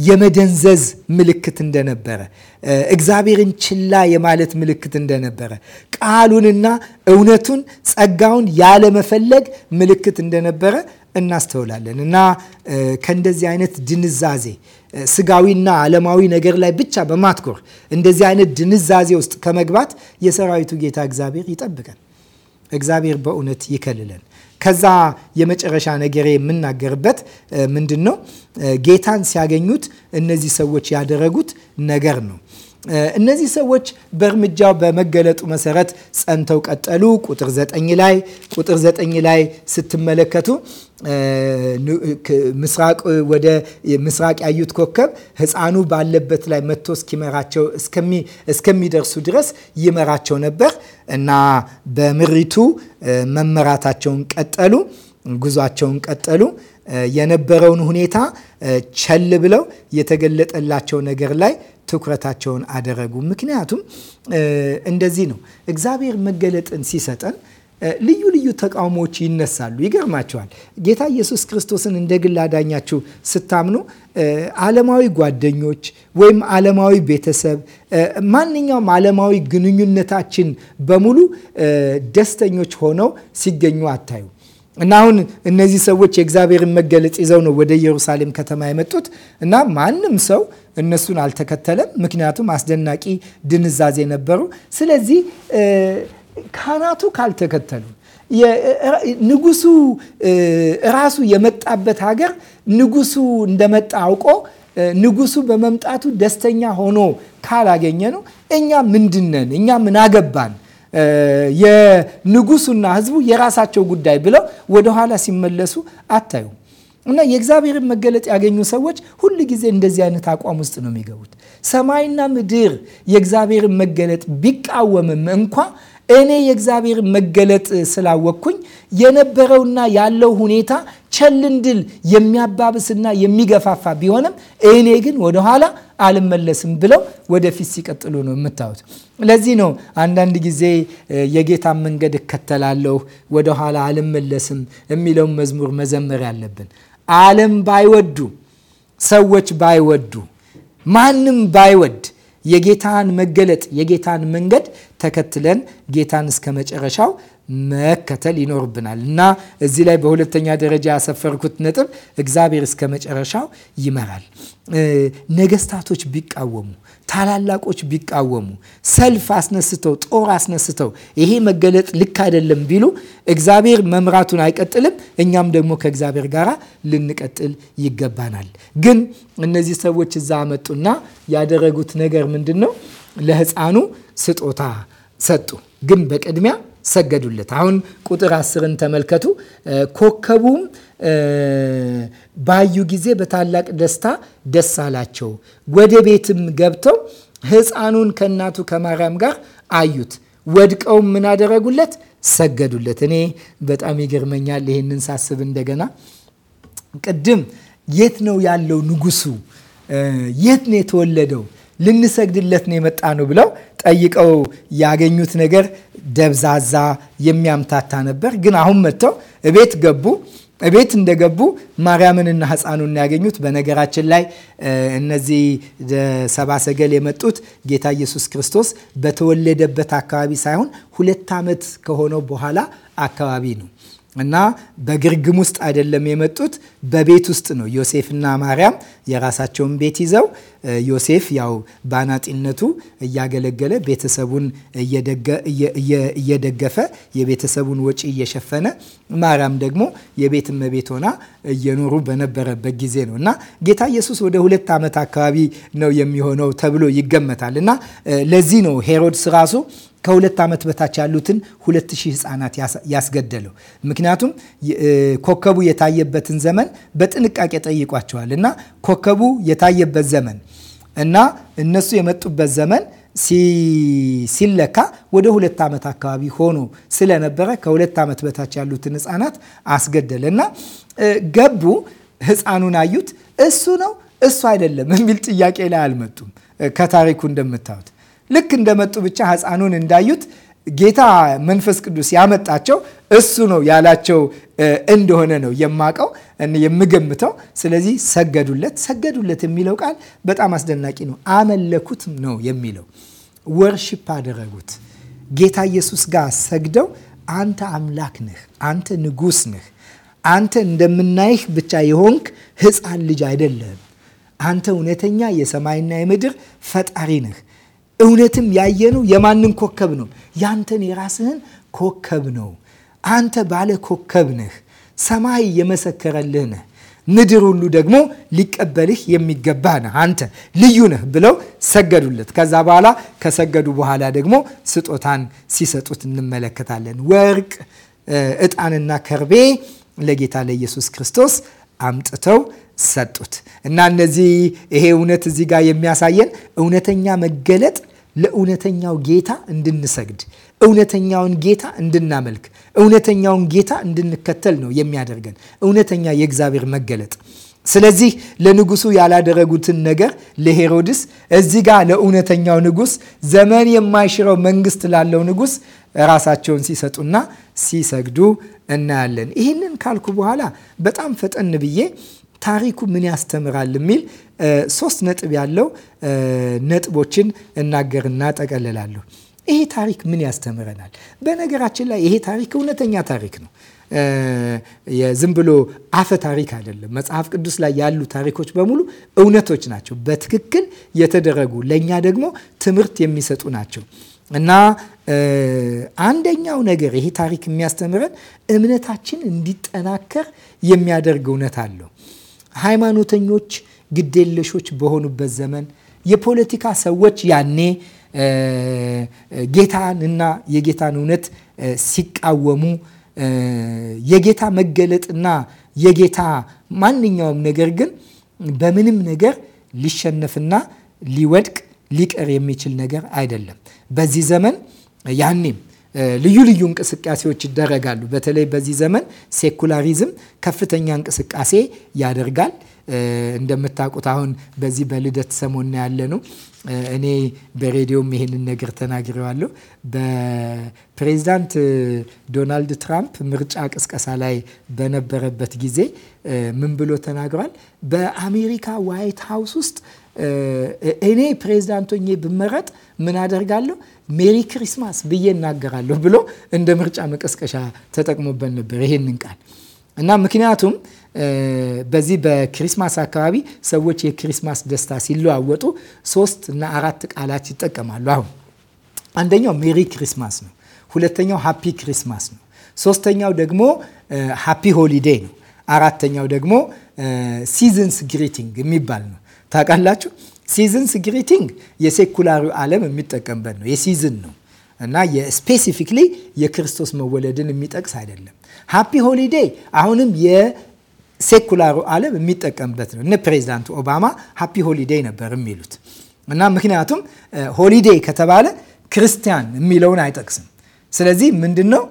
A: የመደንዘዝ ምልክት እንደነበረ እግዚአብሔርን ችላ የማለት ምልክት እንደነበረ ቃሉንና እውነቱን ጸጋውን ያለመፈለግ ምልክት እንደነበረ እናስተውላለን እና ከእንደዚህ አይነት ድንዛዜ ስጋዊና ዓለማዊ ነገር ላይ ብቻ በማትኮር እንደዚህ አይነት ድንዛዜ ውስጥ ከመግባት የሰራዊቱ ጌታ እግዚአብሔር ይጠብቀን። እግዚአብሔር በእውነት ይከልለን። ከዛ የመጨረሻ ነገር የምናገርበት ምንድን ነው? ጌታን ሲያገኙት እነዚህ ሰዎች ያደረጉት ነገር ነው። እነዚህ ሰዎች በእርምጃው በመገለጡ መሰረት ጸንተው ቀጠሉ። ቁጥር ዘጠኝ ላይ ቁጥር ዘጠኝ ላይ ስትመለከቱ ምስራቅ ወደ ምስራቅ ያዩት ኮከብ ሕፃኑ ባለበት ላይ መጥቶ እስኪመራቸው እስከሚደርሱ ድረስ ይመራቸው ነበር እና በምሪቱ መመራታቸውን ቀጠሉ። ጉዟቸውን ቀጠሉ። የነበረውን ሁኔታ ቸል ብለው የተገለጠላቸው ነገር ላይ ትኩረታቸውን አደረጉ። ምክንያቱም እንደዚህ ነው። እግዚአብሔር መገለጥን ሲሰጠን ልዩ ልዩ ተቃውሞዎች ይነሳሉ። ይገርማቸዋል። ጌታ ኢየሱስ ክርስቶስን እንደ ግል አዳኛችሁ ስታምኑ ዓለማዊ ጓደኞች ወይም ዓለማዊ ቤተሰብ፣ ማንኛውም ዓለማዊ ግንኙነታችን በሙሉ ደስተኞች ሆነው ሲገኙ አታዩ እና አሁን እነዚህ ሰዎች የእግዚአብሔርን መገለጽ ይዘው ነው ወደ ኢየሩሳሌም ከተማ የመጡት እና ማንም ሰው እነሱን አልተከተለም። ምክንያቱም አስደናቂ ድንዛዜ ነበሩ። ስለዚህ ካህናቱ ካልተከተሉ ንጉሱ ራሱ የመጣበት ሀገር ንጉሱ እንደመጣ አውቆ ንጉሱ በመምጣቱ ደስተኛ ሆኖ ካላገኘ ነው እኛ ምንድነን? እኛ ምን አገባን? የንጉሱና ህዝቡ የራሳቸው ጉዳይ ብለው ወደኋላ ሲመለሱ አታዩም። እና የእግዚአብሔርን መገለጥ ያገኙ ሰዎች ሁል ጊዜ እንደዚህ አይነት አቋም ውስጥ ነው የሚገቡት። ሰማይና ምድር የእግዚአብሔርን መገለጥ ቢቃወምም እንኳ እኔ የእግዚአብሔር መገለጥ ስላወቅኩኝ የነበረውና ያለው ሁኔታ ቸል እንድል የሚያባብስና የሚገፋፋ ቢሆንም እኔ ግን ወደኋላ አልመለስም ብለው ወደፊት ሲቀጥሉ ነው የምታዩት። ለዚህ ነው አንዳንድ ጊዜ የጌታን መንገድ እከተላለሁ፣ ወደኋላ አልመለስም የሚለውን መዝሙር መዘመር ያለብን። ዓለም ባይወዱ፣ ሰዎች ባይወዱ፣ ማንም ባይወድ የጌታን መገለጥ የጌታን መንገድ ተከትለን ጌታን እስከ መጨረሻው መከተል ይኖርብናል እና እዚህ ላይ በሁለተኛ ደረጃ ያሰፈርኩት ነጥብ እግዚአብሔር እስከ መጨረሻው ይመራል። ነገስታቶች ቢቃወሙ፣ ታላላቆች ቢቃወሙ፣ ሰልፍ አስነስተው ጦር አስነስተው ይሄ መገለጥ ልክ አይደለም ቢሉ እግዚአብሔር መምራቱን አይቀጥልም። እኛም ደግሞ ከእግዚአብሔር ጋር ልንቀጥል ይገባናል። ግን እነዚህ ሰዎች እዛ መጡና ያደረጉት ነገር ምንድን ነው? ለሕፃኑ ስጦታ ሰጡ። ግን በቅድሚያ ሰገዱለት። አሁን ቁጥር አስርን ተመልከቱ። ኮከቡም ባዩ ጊዜ በታላቅ ደስታ ደስ አላቸው። ወደ ቤትም ገብተው ሕፃኑን ከእናቱ ከማርያም ጋር አዩት። ወድቀውም ምን አደረጉለት? ሰገዱለት። እኔ በጣም ይገርመኛል ይህንን ሳስብ እንደገና ቅድም የት ነው ያለው ንጉሱ? የት ነው የተወለደው ልንሰግድለት ነው የመጣ ነው ብለው ጠይቀው ያገኙት ነገር ደብዛዛ የሚያምታታ ነበር። ግን አሁን መጥተው እቤት ገቡ። እቤት እንደገቡ ማርያምንና ሕፃኑን ያገኙት። በነገራችን ላይ እነዚህ ሰባ ሰገል የመጡት ጌታ ኢየሱስ ክርስቶስ በተወለደበት አካባቢ ሳይሆን ሁለት ዓመት ከሆነው በኋላ አካባቢ ነው እና በግርግም ውስጥ አይደለም የመጡት፣ በቤት ውስጥ ነው። ዮሴፍና ማርያም የራሳቸውን ቤት ይዘው ዮሴፍ ያው በአናጢነቱ እያገለገለ ቤተሰቡን እየደገፈ የቤተሰቡን ወጪ እየሸፈነ ማርያም ደግሞ የቤት እመቤት ሆና እየኖሩ በነበረበት ጊዜ ነው እና ጌታ ኢየሱስ ወደ ሁለት ዓመት አካባቢ ነው የሚሆነው ተብሎ ይገመታል እና ለዚህ ነው ሄሮድስ ራሱ ከሁለት ዓመት በታች ያሉትን ሁለት ሺህ ህፃናት ያስገደለው። ምክንያቱም ኮከቡ የታየበትን ዘመን በጥንቃቄ ጠይቋቸዋል እና ኮከቡ የታየበት ዘመን እና እነሱ የመጡበት ዘመን ሲለካ ወደ ሁለት ዓመት አካባቢ ሆኖ ስለነበረ ከሁለት ዓመት በታች ያሉትን ህፃናት አስገደለ እና ገቡ። ህፃኑን አዩት። እሱ ነው እሱ አይደለም የሚል ጥያቄ ላይ አልመጡም። ከታሪኩ እንደምታዩት ልክ እንደመጡ ብቻ ህፃኑን እንዳዩት ጌታ መንፈስ ቅዱስ ያመጣቸው እሱ ነው ያላቸው እንደሆነ ነው የማቀው የምገምተው። ስለዚህ ሰገዱለት። ሰገዱለት የሚለው ቃል በጣም አስደናቂ ነው። አመለኩት ነው የሚለው ወርሺፕ አደረጉት። ጌታ ኢየሱስ ጋር ሰግደው አንተ አምላክ ነህ፣ አንተ ንጉስ ነህ፣ አንተ እንደምናይህ ብቻ የሆንክ ህፃን ልጅ አይደለም። አንተ እውነተኛ የሰማይና የምድር ፈጣሪ ነህ እውነትም ያየነው የማንን ኮከብ ነው? ያንተን የራስህን ኮከብ ነው። አንተ ባለ ኮከብ ነህ። ሰማይ የመሰከረልህ ነህ። ምድር ሁሉ ደግሞ ሊቀበልህ የሚገባህ ነህ። አንተ ልዩ ነህ ብለው ሰገዱለት። ከዛ በኋላ ከሰገዱ በኋላ ደግሞ ስጦታን ሲሰጡት እንመለከታለን። ወርቅ፣ እጣንና ከርቤ ለጌታ ለኢየሱስ ክርስቶስ አምጥተው ሰጡት እና እነዚህ ይሄ እውነት እዚህ ጋር የሚያሳየን እውነተኛ መገለጥ ለእውነተኛው ጌታ እንድንሰግድ እውነተኛውን ጌታ እንድናመልክ እውነተኛውን ጌታ እንድንከተል ነው የሚያደርገን እውነተኛ የእግዚአብሔር መገለጥ። ስለዚህ ለንጉሱ ያላደረጉትን ነገር ለሄሮድስ እዚህ ጋር ለእውነተኛው ንጉስ ዘመን የማይሽረው መንግስት ላለው ንጉስ ራሳቸውን ሲሰጡና ሲሰግዱ እናያለን። ይህንን ካልኩ በኋላ በጣም ፈጠን ብዬ ታሪኩ ምን ያስተምራል የሚል ሶስት ነጥብ ያለው ነጥቦችን እናገርና ጠቀልላለሁ። ይሄ ታሪክ ምን ያስተምረናል? በነገራችን ላይ ይሄ ታሪክ እውነተኛ ታሪክ ነው። የዝም ብሎ አፈ ታሪክ አይደለም። መጽሐፍ ቅዱስ ላይ ያሉ ታሪኮች በሙሉ እውነቶች ናቸው፣ በትክክል የተደረጉ ለእኛ ደግሞ ትምህርት የሚሰጡ ናቸው እና አንደኛው ነገር ይሄ ታሪክ የሚያስተምረን እምነታችን እንዲጠናከር የሚያደርግ እውነት አለው። ሃይማኖተኞች ግዴለሾች በሆኑበት ዘመን የፖለቲካ ሰዎች ያኔ ጌታንና የጌታን እውነት ሲቃወሙ የጌታ መገለጥና የጌታ ማንኛውም ነገር ግን በምንም ነገር ሊሸነፍና ሊወድቅ ሊቀር የሚችል ነገር አይደለም። በዚህ ዘመን ያኔም ልዩ ልዩ እንቅስቃሴዎች ይደረጋሉ። በተለይ በዚህ ዘመን ሴኩላሪዝም ከፍተኛ እንቅስቃሴ ያደርጋል። እንደምታውቁት አሁን በዚህ በልደት ሰሞን ያለ ነው። እኔ በሬዲዮም ይሄንን ነገር ተናግሬዋለሁ። በፕሬዚዳንት ዶናልድ ትራምፕ ምርጫ ቅስቀሳ ላይ በነበረበት ጊዜ ምን ብሎ ተናግሯል? በአሜሪካ ዋይት ሀውስ ውስጥ እኔ ፕሬዚዳንት ብመረጥ ምን አደርጋለሁ? ሜሪ ክሪስማስ ብዬ እናገራለሁ ብሎ እንደ ምርጫ መቀስቀሻ ተጠቅሞበት ነበር ይሄንን ቃል እና ምክንያቱም በዚህ በክሪስማስ አካባቢ ሰዎች የክሪስማስ ደስታ ሲለዋወጡ ሶስት እና አራት ቃላት ይጠቀማሉ። አሁን አንደኛው ሜሪ ክሪስማስ ነው። ሁለተኛው ሃፒ ክሪስማስ ነው። ሶስተኛው ደግሞ ሃፒ ሆሊዴይ ነው። አራተኛው ደግሞ ሲዝንስ ግሪቲንግ የሚባል ነው። ታውቃላችሁ። ሲዝን ስግሪቲንግ የሴኩላሪው ዓለም የሚጠቀምበት ነው። የሲዝን ነው እና የስፔሲፊክሊ የክርስቶስ መወለድን የሚጠቅስ አይደለም። ሃፒ ሆሊዴይ አሁንም የሴኩላሩ ዓለም የሚጠቀምበት ነው። እነ ፕሬዚዳንት ኦባማ ሃፒ ሆሊዴይ ነበር የሚሉት እና ምክንያቱም ሆሊዴይ ከተባለ ክርስቲያን የሚለውን አይጠቅስም ስለዚህ ምንድን ነው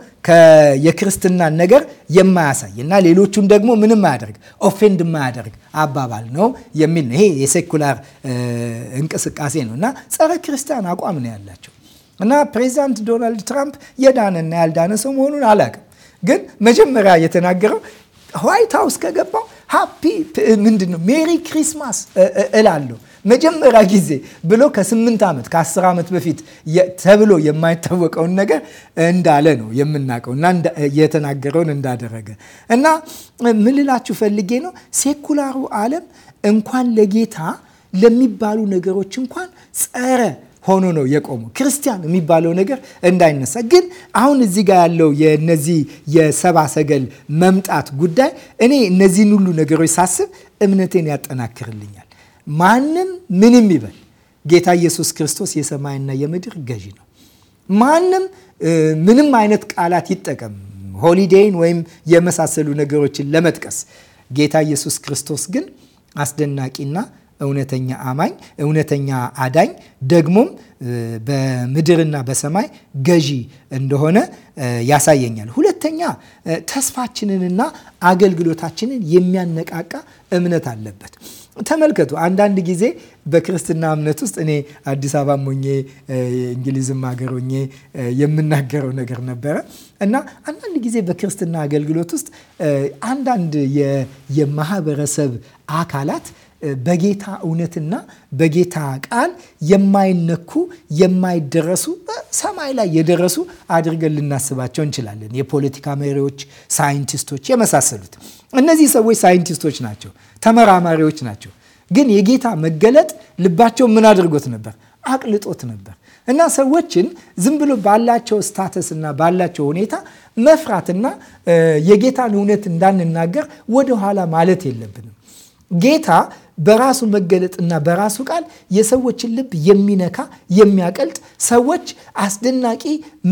A: የክርስትናን ነገር የማያሳይ እና ሌሎቹን ደግሞ ምንም ማያደርግ ኦፌንድ ማያደርግ አባባል ነው የሚል ነው። ይሄ የሴኩላር እንቅስቃሴ ነው እና ጸረ ክርስቲያን አቋም ነው ያላቸው እና ፕሬዚዳንት ዶናልድ ትራምፕ የዳነና ያልዳነ ሰው መሆኑን አላውቅም፣ ግን መጀመሪያ የተናገረው ዋይት ሀውስ ከገባው ሃፒ ምንድን ነው ሜሪ ክሪስማስ እላለሁ መጀመሪያ ጊዜ ብሎ ከስምንት ዓመት ከአስር ዓመት በፊት ተብሎ የማይታወቀውን ነገር እንዳለ ነው የምናውቀው እና የተናገረውን እንዳደረገ እና ምልላችሁ ፈልጌ ነው ሴኩላሩ ዓለም እንኳን ለጌታ ለሚባሉ ነገሮች እንኳን ጸረ ሆኖ ነው የቆመው። ክርስቲያን የሚባለው ነገር እንዳይነሳ ግን አሁን እዚህ ጋር ያለው የነዚህ የሰባ ሰገል መምጣት ጉዳይ እኔ እነዚህን ሁሉ ነገሮች ሳስብ እምነቴን ያጠናክርልኛል። ማንም ምንም ይበል ጌታ ኢየሱስ ክርስቶስ የሰማይና የምድር ገዢ ነው። ማንም ምንም አይነት ቃላት ይጠቀም ሆሊዴይን ወይም የመሳሰሉ ነገሮችን ለመጥቀስ ጌታ ኢየሱስ ክርስቶስ ግን አስደናቂና እውነተኛ አማኝ፣ እውነተኛ አዳኝ ደግሞም በምድርና በሰማይ ገዢ እንደሆነ ያሳየኛል። ሁለተኛ ተስፋችንንና አገልግሎታችንን የሚያነቃቃ እምነት አለበት። ተመልከቱ አንዳንድ ጊዜ በክርስትና እምነት ውስጥ እኔ አዲስ አበባ ሞኜ እንግሊዝም ሀገር ሆኜ የምናገረው ነገር ነበረ እና አንዳንድ ጊዜ በክርስትና አገልግሎት ውስጥ አንዳንድ የማህበረሰብ አካላት በጌታ እውነትና በጌታ ቃል የማይነኩ የማይደረሱ ሰማይ ላይ የደረሱ አድርገን ልናስባቸው እንችላለን። የፖለቲካ መሪዎች፣ ሳይንቲስቶች የመሳሰሉት። እነዚህ ሰዎች ሳይንቲስቶች ናቸው። ተመራማሪዎች ናቸው። ግን የጌታ መገለጥ ልባቸው ምን አድርጎት ነበር? አቅልጦት ነበር። እና ሰዎችን ዝም ብሎ ባላቸው ስታተስ እና ባላቸው ሁኔታ መፍራትና የጌታን እውነት እንዳንናገር ወደኋላ ማለት የለብንም። ጌታ በራሱ መገለጥና በራሱ ቃል የሰዎችን ልብ የሚነካ የሚያቀልጥ ሰዎች አስደናቂ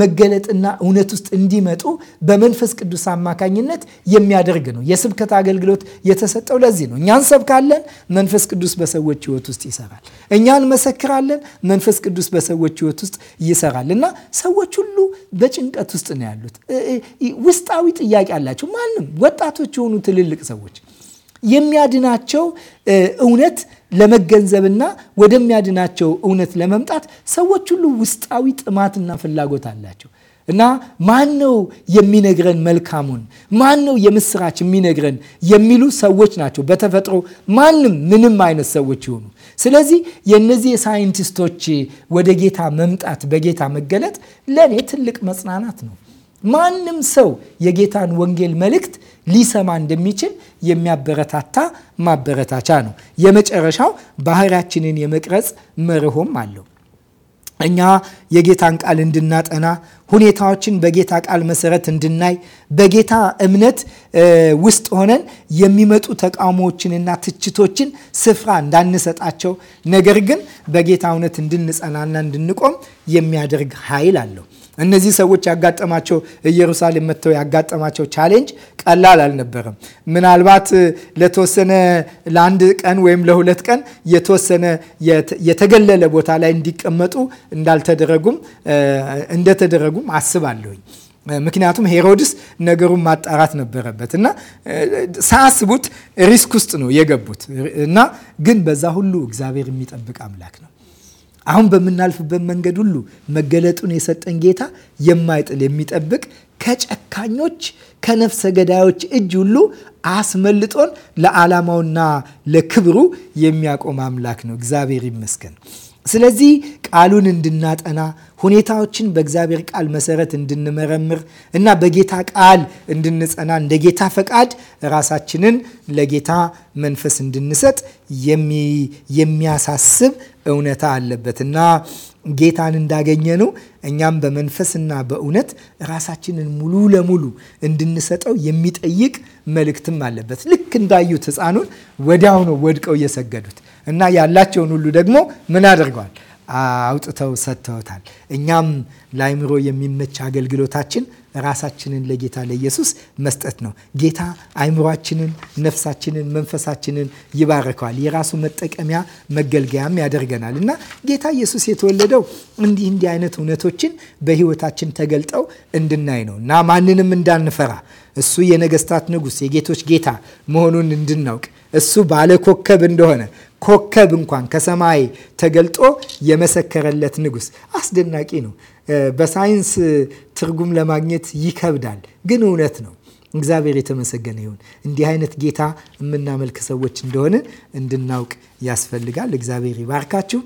A: መገለጥና እውነት ውስጥ እንዲመጡ በመንፈስ ቅዱስ አማካኝነት የሚያደርግ ነው። የስብከት አገልግሎት የተሰጠው ለዚህ ነው። እኛ እንሰብካለን፣ መንፈስ ቅዱስ በሰዎች ሕይወት ውስጥ ይሰራል። እኛ እንመሰክራለን፣ መንፈስ ቅዱስ በሰዎች ሕይወት ውስጥ ይሰራል እና ሰዎች ሁሉ በጭንቀት ውስጥ ነው ያሉት። ውስጣዊ ጥያቄ አላቸው። ማንም ወጣቶች የሆኑ ትልልቅ ሰዎች የሚያድናቸው እውነት ለመገንዘብና ወደሚያድናቸው እውነት ለመምጣት ሰዎች ሁሉ ውስጣዊ ጥማትና ፍላጎት አላቸው እና ማን ነው የሚነግረን መልካሙን? ማን ነው የምስራች የሚነግረን የሚሉ ሰዎች ናቸው በተፈጥሮ ማንም ምንም አይነት ሰዎች ይሆኑ። ስለዚህ የእነዚህ የሳይንቲስቶች ወደ ጌታ መምጣት በጌታ መገለጥ ለእኔ ትልቅ መጽናናት ነው። ማንም ሰው የጌታን ወንጌል መልእክት ሊሰማ እንደሚችል የሚያበረታታ ማበረታቻ ነው። የመጨረሻው ባህሪያችንን የመቅረጽ መርሆም አለው። እኛ የጌታን ቃል እንድናጠና ሁኔታዎችን በጌታ ቃል መሰረት እንድናይ በጌታ እምነት ውስጥ ሆነን የሚመጡ ተቃውሞዎችንና ትችቶችን ስፍራ እንዳንሰጣቸው ነገር ግን በጌታ እውነት እንድንጸናና እንድንቆም የሚያደርግ ኃይል አለው። እነዚህ ሰዎች ያጋጠማቸው ኢየሩሳሌም መጥተው ያጋጠማቸው ቻሌንጅ ቀላል አልነበረም። ምናልባት ለተወሰነ ለአንድ ቀን ወይም ለሁለት ቀን የተወሰነ የተገለለ ቦታ ላይ እንዲቀመጡ እንዳልተደረጉም እንደተደረጉም አስባለሁኝ። ምክንያቱም ሄሮድስ ነገሩን ማጣራት ነበረበት እና ሳያስቡት ሪስክ ውስጥ ነው የገቡት እና ግን በዛ ሁሉ እግዚአብሔር የሚጠብቅ አምላክ ነው። አሁን በምናልፍበት መንገድ ሁሉ መገለጡን የሰጠን ጌታ የማይጥል የሚጠብቅ ከጨካኞች ከነፍሰ ገዳዮች እጅ ሁሉ አስመልጦን ለዓላማውና ለክብሩ የሚያቆም አምላክ ነው። እግዚአብሔር ይመስገን። ስለዚህ ቃሉን እንድናጠና ሁኔታዎችን በእግዚአብሔር ቃል መሰረት እንድንመረምር እና በጌታ ቃል እንድንጸና እንደ ጌታ ፈቃድ ራሳችንን ለጌታ መንፈስ እንድንሰጥ የሚያሳስብ እውነታ አለበት እና ጌታን እንዳገኘ ነው። እኛም በመንፈስና በእውነት ራሳችንን ሙሉ ለሙሉ እንድንሰጠው የሚጠይቅ መልእክትም አለበት። ልክ እንዳዩት ሕፃኑን ወዲያው ነው ወድቀው እየሰገዱት። እና ያላቸውን ሁሉ ደግሞ ምን አድርገዋል? አውጥተው ሰጥተውታል። እኛም ለአይምሮ የሚመች አገልግሎታችን ራሳችንን ለጌታ ለኢየሱስ መስጠት ነው። ጌታ አይምሯችንን፣ ነፍሳችንን፣ መንፈሳችንን ይባርከዋል። የራሱ መጠቀሚያ መገልገያም ያደርገናል እና ጌታ ኢየሱስ የተወለደው እንዲህ እንዲህ አይነት እውነቶችን በህይወታችን ተገልጠው እንድናይ ነው እና ማንንም እንዳንፈራ እሱ የነገስታት ንጉስ የጌቶች ጌታ መሆኑን እንድናውቅ እሱ ባለ ኮከብ እንደሆነ ኮከብ እንኳን ከሰማይ ተገልጦ የመሰከረለት ንጉስ አስደናቂ ነው። በሳይንስ ትርጉም ለማግኘት ይከብዳል፣ ግን እውነት ነው። እግዚአብሔር የተመሰገነ ይሁን። እንዲህ አይነት ጌታ የምናመልክ ሰዎች እንደሆነ እንድናውቅ ያስፈልጋል። እግዚአብሔር ይባርካችሁ።